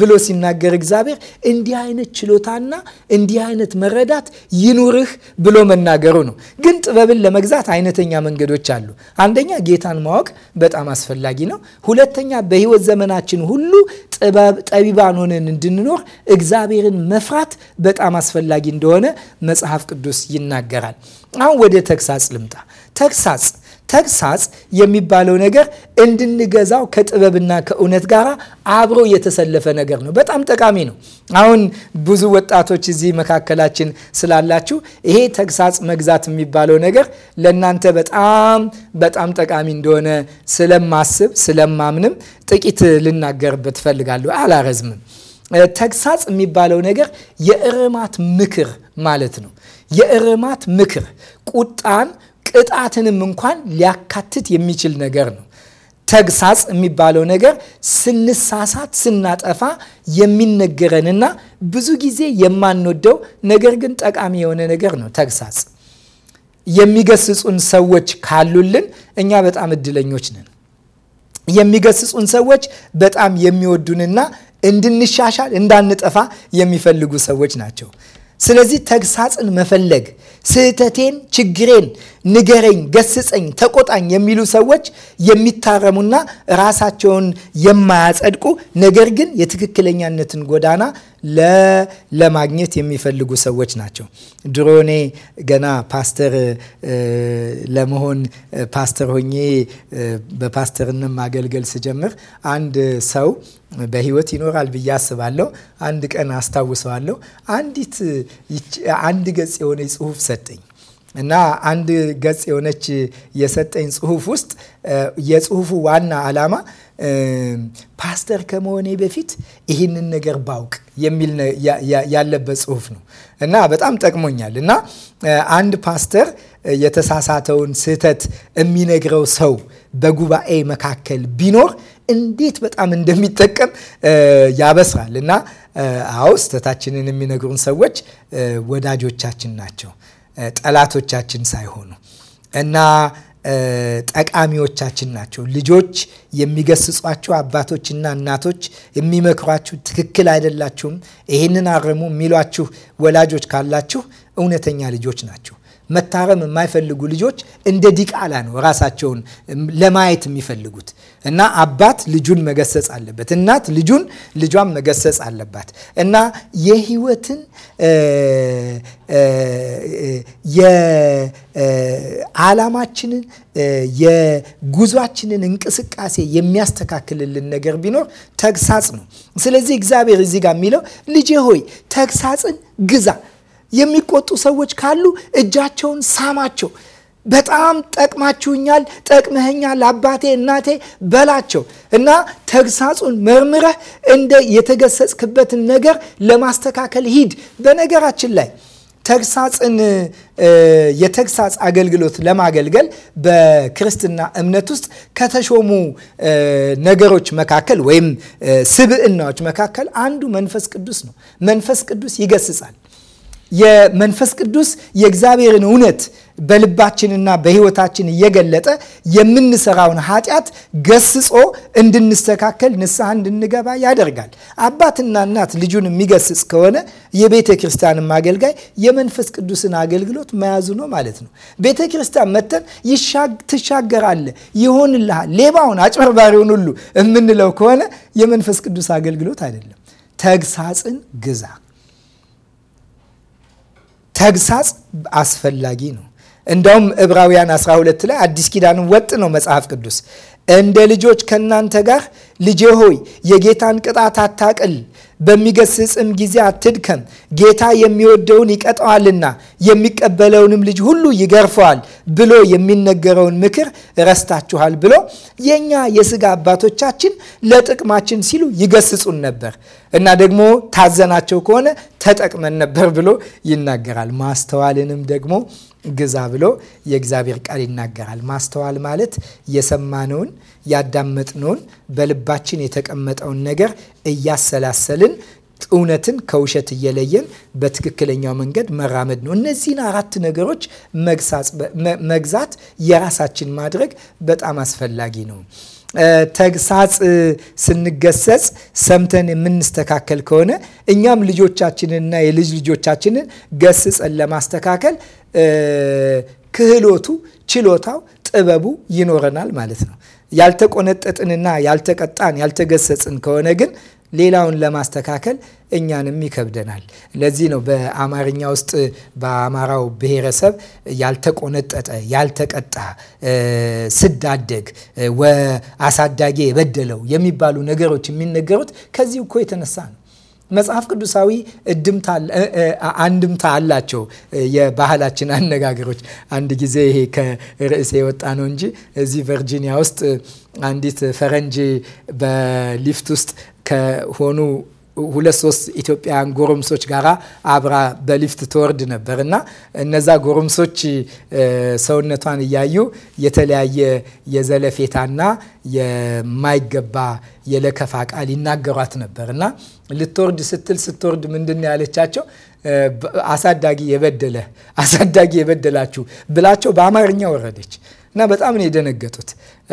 ብሎ ሲናገር እግዚአብሔር እንዲህ አይነት ችሎታና እንዲህ አይነት መረዳት ይኑርህ ብሎ መናገሩ ነው። ግን ጥበብን ለመግዛት አይነተኛ መንገዶች አሉ። አንደኛ ጌታን ማወቅ በጣም አስፈላጊ ነው። ሁለተኛ በሕይወት ዘመናችን ሁሉ ጠቢባን ሆነን እንድንኖር እግዚአብሔርን መፍራት በጣም አስፈላጊ እንደሆነ መጽሐፍ ቅዱስ ይናገራል። አሁን ወደ ተግሳጽ ልምጣ። ተግሳጽ ተግሳጽ የሚባለው ነገር እንድንገዛው ከጥበብና ከእውነት ጋር አብሮ የተሰለፈ ነገር ነው። በጣም ጠቃሚ ነው። አሁን ብዙ ወጣቶች እዚህ መካከላችን ስላላችሁ ይሄ ተግሳጽ መግዛት የሚባለው ነገር ለእናንተ በጣም በጣም ጠቃሚ እንደሆነ ስለማስብ ስለማምንም ጥቂት ልናገርበት እፈልጋለሁ። አላረዝምም። ተግሳጽ የሚባለው ነገር የእርማት ምክር ማለት ነው። የእርማት ምክር ቁጣን ቅጣትንም እንኳን ሊያካትት የሚችል ነገር ነው። ተግሳጽ የሚባለው ነገር ስንሳሳት ስናጠፋ የሚነገረንና ብዙ ጊዜ የማንወደው ነገር ግን ጠቃሚ የሆነ ነገር ነው። ተግሳጽ የሚገስጹን ሰዎች ካሉልን እኛ በጣም እድለኞች ነን። የሚገስጹን ሰዎች በጣም የሚወዱንና እንድንሻሻል እንዳንጠፋ የሚፈልጉ ሰዎች ናቸው። ስለዚህ ተግሳጽን መፈለግ ስህተቴን፣ ችግሬን፣ ንገረኝ፣ ገስጸኝ፣ ተቆጣኝ የሚሉ ሰዎች የሚታረሙና ራሳቸውን የማያጸድቁ ነገር ግን የትክክለኛነትን ጎዳና ለማግኘት የሚፈልጉ ሰዎች ናቸው። ድሮ እኔ ገና ፓስተር ለመሆን ፓስተር ሆኜ በፓስተርነት ማገልገል ስጀምር አንድ ሰው በሕይወት ይኖራል ብዬ አስባለሁ። አንድ ቀን አስታውሰዋለሁ። አንዲት አንድ ገጽ የሆነ ጽሁፍ ሰጠኝ። እና አንድ ገጽ የሆነች የሰጠኝ ጽሁፍ ውስጥ የጽሁፉ ዋና ዓላማ ፓስተር ከመሆኔ በፊት ይህንን ነገር ባውቅ የሚል ያለበት ጽሁፍ ነው እና በጣም ጠቅሞኛል። እና አንድ ፓስተር የተሳሳተውን ስህተት የሚነግረው ሰው በጉባኤ መካከል ቢኖር እንዴት በጣም እንደሚጠቀም ያበስራል። እና አዎ ስህተታችንን የሚነግሩን ሰዎች ወዳጆቻችን ናቸው። ጠላቶቻችን ሳይሆኑ እና ጠቃሚዎቻችን ናቸው። ልጆች የሚገስጿችሁ አባቶችና እናቶች የሚመክሯችሁ ትክክል አይደላችሁም፣ ይህንን አርሙ የሚሏችሁ ወላጆች ካላችሁ እውነተኛ ልጆች ናቸው። መታረም የማይፈልጉ ልጆች እንደ ዲቃላ ነው ራሳቸውን ለማየት የሚፈልጉት። እና አባት ልጁን መገሰጽ አለበት። እናት ልጁን ልጇን መገሰጽ አለባት። እና የህይወትን የዓላማችንን የጉዟችንን እንቅስቃሴ የሚያስተካክልልን ነገር ቢኖር ተግሳጽ ነው። ስለዚህ እግዚአብሔር እዚህ ጋር የሚለው ልጄ ሆይ ተግሳጽን ግዛ። የሚቆጡ ሰዎች ካሉ እጃቸውን ሳማቸው። በጣም ጠቅማችሁኛል፣ ጠቅመኸኛል አባቴ እናቴ በላቸው እና ተግሳጹን መርምረህ እንደ የተገሰጽክበትን ነገር ለማስተካከል ሂድ። በነገራችን ላይ ተግሳጽን የተግሳጽ አገልግሎት ለማገልገል በክርስትና እምነት ውስጥ ከተሾሙ ነገሮች መካከል ወይም ስብዕናዎች መካከል አንዱ መንፈስ ቅዱስ ነው። መንፈስ ቅዱስ ይገስጻል። የመንፈስ ቅዱስ የእግዚአብሔርን እውነት በልባችንና በሕይወታችን እየገለጠ የምንሰራውን ኃጢአት ገስጾ እንድንስተካከል ንስሐ እንድንገባ ያደርጋል። አባትና እናት ልጁን የሚገስጽ ከሆነ የቤተ ክርስቲያንም አገልጋይ የመንፈስ ቅዱስን አገልግሎት መያዙ ነው ማለት ነው። ቤተ ክርስቲያን መተን ትሻገራለ፣ ይሆንልሃል፣ ሌባውን፣ አጭበርባሪውን ሁሉ የምንለው ከሆነ የመንፈስ ቅዱስ አገልግሎት አይደለም። ተግሳጽን ግዛ። ተግሳጽ አስፈላጊ ነው። እንዳውም ዕብራውያን 12 ላይ አዲስ ኪዳንን ወጥ ነው መጽሐፍ ቅዱስ እንደ ልጆች ከእናንተ ጋር ልጄ ሆይ የጌታን ቅጣት አታቅል፣ በሚገስጽም ጊዜ አትድከም። ጌታ የሚወደውን ይቀጠዋልና የሚቀበለውንም ልጅ ሁሉ ይገርፈዋል ብሎ የሚነገረውን ምክር ረስታችኋል ብሎ የእኛ የስጋ አባቶቻችን ለጥቅማችን ሲሉ ይገስጹን ነበር እና ደግሞ ታዘናቸው ከሆነ ተጠቅመን ነበር ብሎ ይናገራል። ማስተዋልንም ደግሞ ግዛ ብሎ የእግዚአብሔር ቃል ይናገራል። ማስተዋል ማለት የሰማነውን ያዳመጥነውን በልባችን የተቀመጠውን ነገር እያሰላሰልን እውነትን ከውሸት እየለየን በትክክለኛው መንገድ መራመድ ነው። እነዚህን አራት ነገሮች መግዛት የራሳችን ማድረግ በጣም አስፈላጊ ነው። ተግሳጽ ስንገሰጽ ሰምተን የምንስተካከል ከሆነ እኛም ልጆቻችንንና የልጅ ልጆቻችንን ገስጸን ለማስተካከል ክህሎቱ፣ ችሎታው፣ ጥበቡ ይኖረናል ማለት ነው። ያልተቆነጠጥንና ያልተቀጣን ያልተገሰጽን ከሆነ ግን ሌላውን ለማስተካከል እኛንም ይከብደናል። ለዚህ ነው በአማርኛ ውስጥ በአማራው ብሔረሰብ ያልተቆነጠጠ ያልተቀጣ፣ ስዳደግ፣ አሳዳጌ የበደለው የሚባሉ ነገሮች የሚነገሩት ከዚህ እኮ የተነሳ ነው። መጽሐፍ ቅዱሳዊ አንድምታ አላቸው። የባህላችን አነጋገሮች አንድ ጊዜ ይሄ ከርዕሴ የወጣ ነው እንጂ እዚህ ቨርጂኒያ ውስጥ አንዲት ፈረንጅ በሊፍት ውስጥ ከሆኑ ሁለት ሶስት ኢትዮጵያውያን ጎረምሶች ጋር አብራ በሊፍት ትወርድ ነበር እና እነዛ ጎረምሶች ሰውነቷን እያዩ የተለያየ የዘለፌታና የማይገባ የለከፋ ቃል ይናገሯት ነበር እና ልትወርድ ስትል ስትወርድ ምንድን ያለቻቸው አሳዳጊ የበደለ አሳዳጊ የበደላችሁ ብላቸው በአማርኛ ወረደች። እና በጣም ነው የደነገጡት።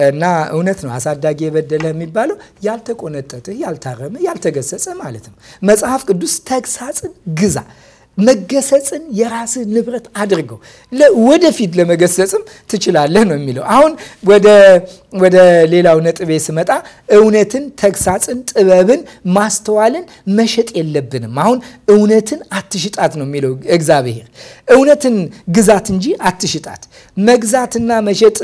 እና እውነት ነው አሳዳጊ የበደለ የሚባለው ያልተቆነጠጥህ፣ ያልታረመ፣ ያልተገሰጸ ማለት ነው። መጽሐፍ ቅዱስ ተግሳጽን ግዛ መገሰጽን የራስህ ንብረት አድርገው ወደፊት ለመገሰጽም ትችላለህ ነው የሚለው። አሁን ወደ ሌላው ነጥቤ ስመጣ እውነትን፣ ተግሳጽን፣ ጥበብን፣ ማስተዋልን መሸጥ የለብንም። አሁን እውነትን አትሽጣት ነው የሚለው እግዚአብሔር። እውነትን ግዛት እንጂ አትሽጣት። መግዛትና መሸጥ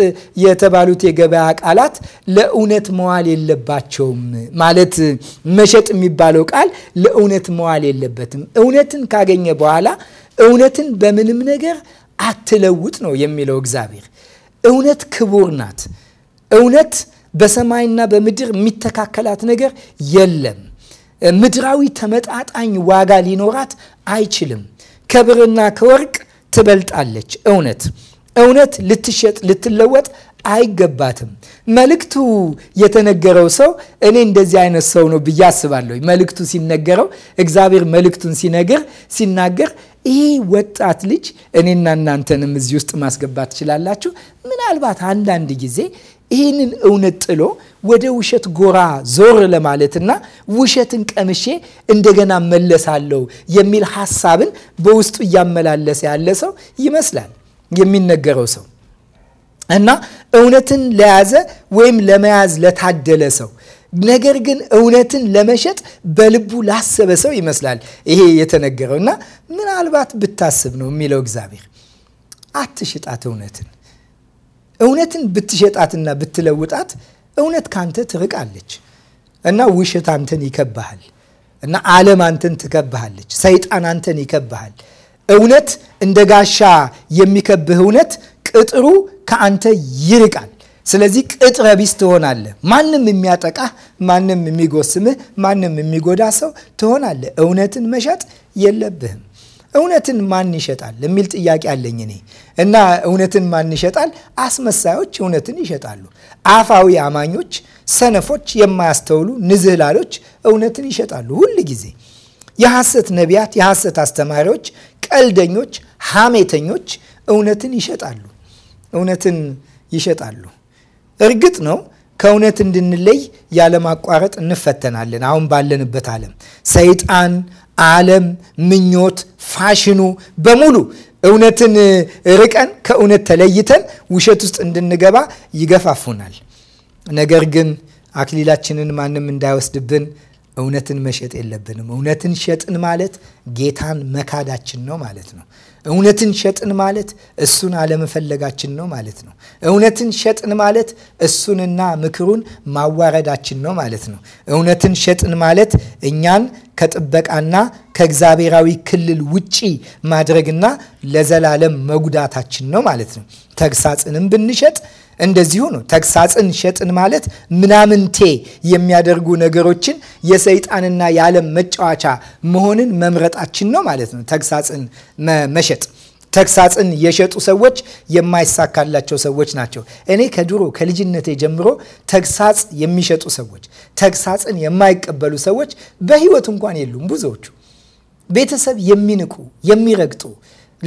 የተባሉት የገበያ ቃላት ለእውነት መዋል የለባቸውም። ማለት መሸጥ የሚባለው ቃል ለእውነት መዋል የለበትም። እውነትን ካገኘ በኋላ እውነትን በምንም ነገር አትለውጥ ነው የሚለው እግዚአብሔር። እውነት ክቡር ናት። እውነት በሰማይና በምድር የሚተካከላት ነገር የለም። ምድራዊ ተመጣጣኝ ዋጋ ሊኖራት አይችልም። ከብርና ከወርቅ ትበልጣለች። እውነት እውነት ልትሸጥ ልትለወጥ አይገባትም። መልእክቱ የተነገረው ሰው እኔ እንደዚህ አይነት ሰው ነው ብዬ አስባለሁ። መልእክቱ ሲነገረው እግዚአብሔር መልእክቱን ሲነግር ሲናገር ይህ ወጣት ልጅ እኔና እናንተንም እዚህ ውስጥ ማስገባት ትችላላችሁ። ምናልባት አንዳንድ ጊዜ ይህንን እውነት ጥሎ ወደ ውሸት ጎራ ዞር ለማለትና ውሸትን ቀምሼ እንደገና መለሳለሁ የሚል ሀሳብን በውስጡ እያመላለሰ ያለ ሰው ይመስላል የሚነገረው ሰው እና እውነትን ለያዘ ወይም ለመያዝ ለታደለ ሰው ነገር ግን እውነትን ለመሸጥ በልቡ ላሰበ ሰው ይመስላል ይሄ የተነገረው። እና ምናልባት ብታስብ ነው የሚለው እግዚአብሔር። አትሽጣት እውነትን። እውነትን ብትሸጣትና ብትለውጣት እውነት ካንተ ትርቃለች እና ውሸት አንተን ይከብሃል እና ዓለም አንተን ትከብሃለች። ሰይጣን አንተን ይከብሃል። እውነት እንደ ጋሻ የሚከብህ እውነት ቅጥሩ ከአንተ ይርቃል። ስለዚህ ቅጥረ ቢስ ትሆናለህ። ማንም የሚያጠቃህ፣ ማንም የሚጎስምህ፣ ማንም የሚጎዳ ሰው ትሆናለህ። እውነትን መሸጥ የለብህም። እውነትን ማን ይሸጣል የሚል ጥያቄ አለኝ እኔ እና እውነትን ማን ይሸጣል? አስመሳዮች እውነትን ይሸጣሉ። አፋዊ አማኞች፣ ሰነፎች፣ የማያስተውሉ ንዝህላሎች እውነትን ይሸጣሉ። ሁል ጊዜ የሐሰት ነቢያት፣ የሐሰት አስተማሪዎች፣ ቀልደኞች፣ ሐሜተኞች እውነትን ይሸጣሉ። እውነትን ይሸጣሉ። እርግጥ ነው ከእውነት እንድንለይ ያለማቋረጥ እንፈተናለን። አሁን ባለንበት ዓለም ሰይጣን፣ ዓለም፣ ምኞት፣ ፋሽኑ በሙሉ እውነትን ርቀን ከእውነት ተለይተን ውሸት ውስጥ እንድንገባ ይገፋፉናል። ነገር ግን አክሊላችንን ማንም እንዳይወስድብን እውነትን መሸጥ የለብንም። እውነትን ሸጥን ማለት ጌታን መካዳችን ነው ማለት ነው። እውነትን ሸጥን ማለት እሱን አለመፈለጋችን ነው ማለት ነው። እውነትን ሸጥን ማለት እሱንና ምክሩን ማዋረዳችን ነው ማለት ነው። እውነትን ሸጥን ማለት እኛን ከጥበቃና ከእግዚአብሔራዊ ክልል ውጪ ማድረግና ለዘላለም መጉዳታችን ነው ማለት ነው። ተግሳጽንም ብንሸጥ እንደዚሁ ነው። ተግሳጽን ሸጥን ማለት ምናምንቴ የሚያደርጉ ነገሮችን የሰይጣንና የዓለም መጫወቻ መሆንን መምረጣችን ነው ማለት ነው። ተግሳጽን መሸጥ ተግሳጽን የሸጡ ሰዎች የማይሳካላቸው ሰዎች ናቸው። እኔ ከድሮ ከልጅነቴ ጀምሮ ተግሳጽ የሚሸጡ ሰዎች፣ ተግሳጽን የማይቀበሉ ሰዎች በህይወት እንኳን የሉም። ብዙዎቹ ቤተሰብ የሚንቁ የሚረግጡ፣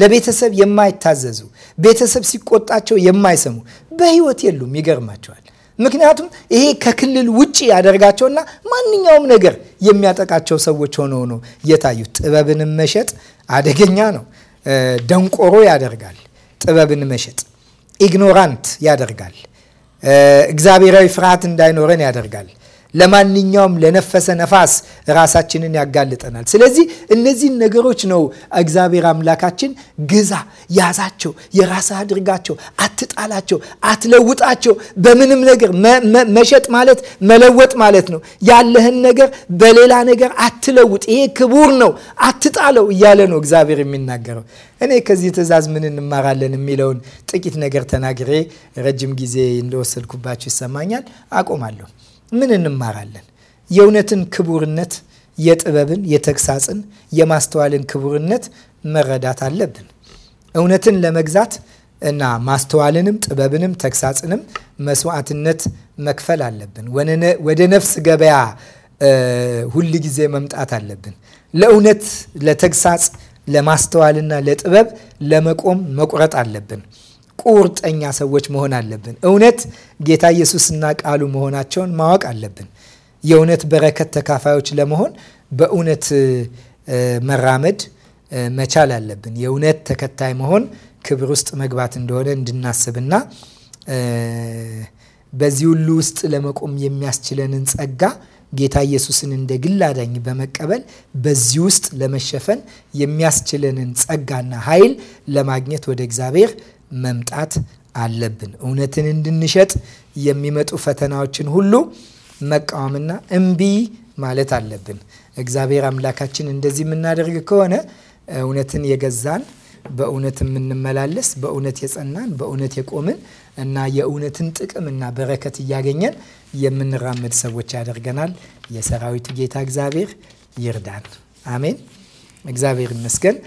ለቤተሰብ የማይታዘዙ፣ ቤተሰብ ሲቆጣቸው የማይሰሙ፣ በህይወት የሉም። ይገርማቸዋል። ምክንያቱም ይሄ ከክልል ውጭ ያደርጋቸውና ማንኛውም ነገር የሚያጠቃቸው ሰዎች ሆነው ነው የታዩት። ጥበብንም መሸጥ አደገኛ ነው። ደንቆሮ ያደርጋል። ጥበብን መሸጥ ኢግኖራንት ያደርጋል። እግዚአብሔራዊ ፍርሃት እንዳይኖረን ያደርጋል። ለማንኛውም ለነፈሰ ነፋስ ራሳችንን ያጋልጠናል። ስለዚህ እነዚህን ነገሮች ነው እግዚአብሔር አምላካችን ግዛ፣ ያዛቸው፣ የራስህ አድርጋቸው፣ አትጣላቸው፣ አትለውጣቸው በምንም ነገር። መሸጥ ማለት መለወጥ ማለት ነው። ያለህን ነገር በሌላ ነገር አትለውጥ፣ ይሄ ክቡር ነው፣ አትጣለው እያለ ነው እግዚአብሔር የሚናገረው። እኔ ከዚህ ትእዛዝ ምን እንማራለን የሚለውን ጥቂት ነገር ተናግሬ ረጅም ጊዜ እንደወሰድኩባቸው ይሰማኛል። አቆማለሁ። ምን እንማራለን? የእውነትን ክቡርነት፣ የጥበብን፣ የተግሳጽን፣ የማስተዋልን ክቡርነት መረዳት አለብን። እውነትን ለመግዛት እና ማስተዋልንም ጥበብንም ተግሳጽንም መስዋዕትነት መክፈል አለብን። ወደ ነፍስ ገበያ ሁል ጊዜ መምጣት አለብን። ለእውነት፣ ለተግሳጽ፣ ለማስተዋልና ለጥበብ ለመቆም መቁረጥ አለብን። ቁርጠኛ ሰዎች መሆን አለብን። እውነት ጌታ ኢየሱስና ቃሉ መሆናቸውን ማወቅ አለብን። የእውነት በረከት ተካፋዮች ለመሆን በእውነት መራመድ መቻል አለብን። የእውነት ተከታይ መሆን ክብር ውስጥ መግባት እንደሆነ እንድናስብና በዚህ ሁሉ ውስጥ ለመቆም የሚያስችለንን ጸጋ ጌታ ኢየሱስን እንደ ግል አዳኝ በመቀበል በዚህ ውስጥ ለመሸፈን የሚያስችለንን ጸጋና ኃይል ለማግኘት ወደ እግዚአብሔር መምጣት አለብን። እውነትን እንድንሸጥ የሚመጡ ፈተናዎችን ሁሉ መቃወምና እምቢ ማለት አለብን። እግዚአብሔር አምላካችን እንደዚህ የምናደርግ ከሆነ እውነትን የገዛን በእውነት የምንመላለስ በእውነት የጸናን በእውነት የቆምን እና የእውነትን ጥቅም እና በረከት እያገኘን የምንራመድ ሰዎች ያደርገናል። የሰራዊቱ ጌታ እግዚአብሔር ይርዳን። አሜን። እግዚአብሔር ይመስገን።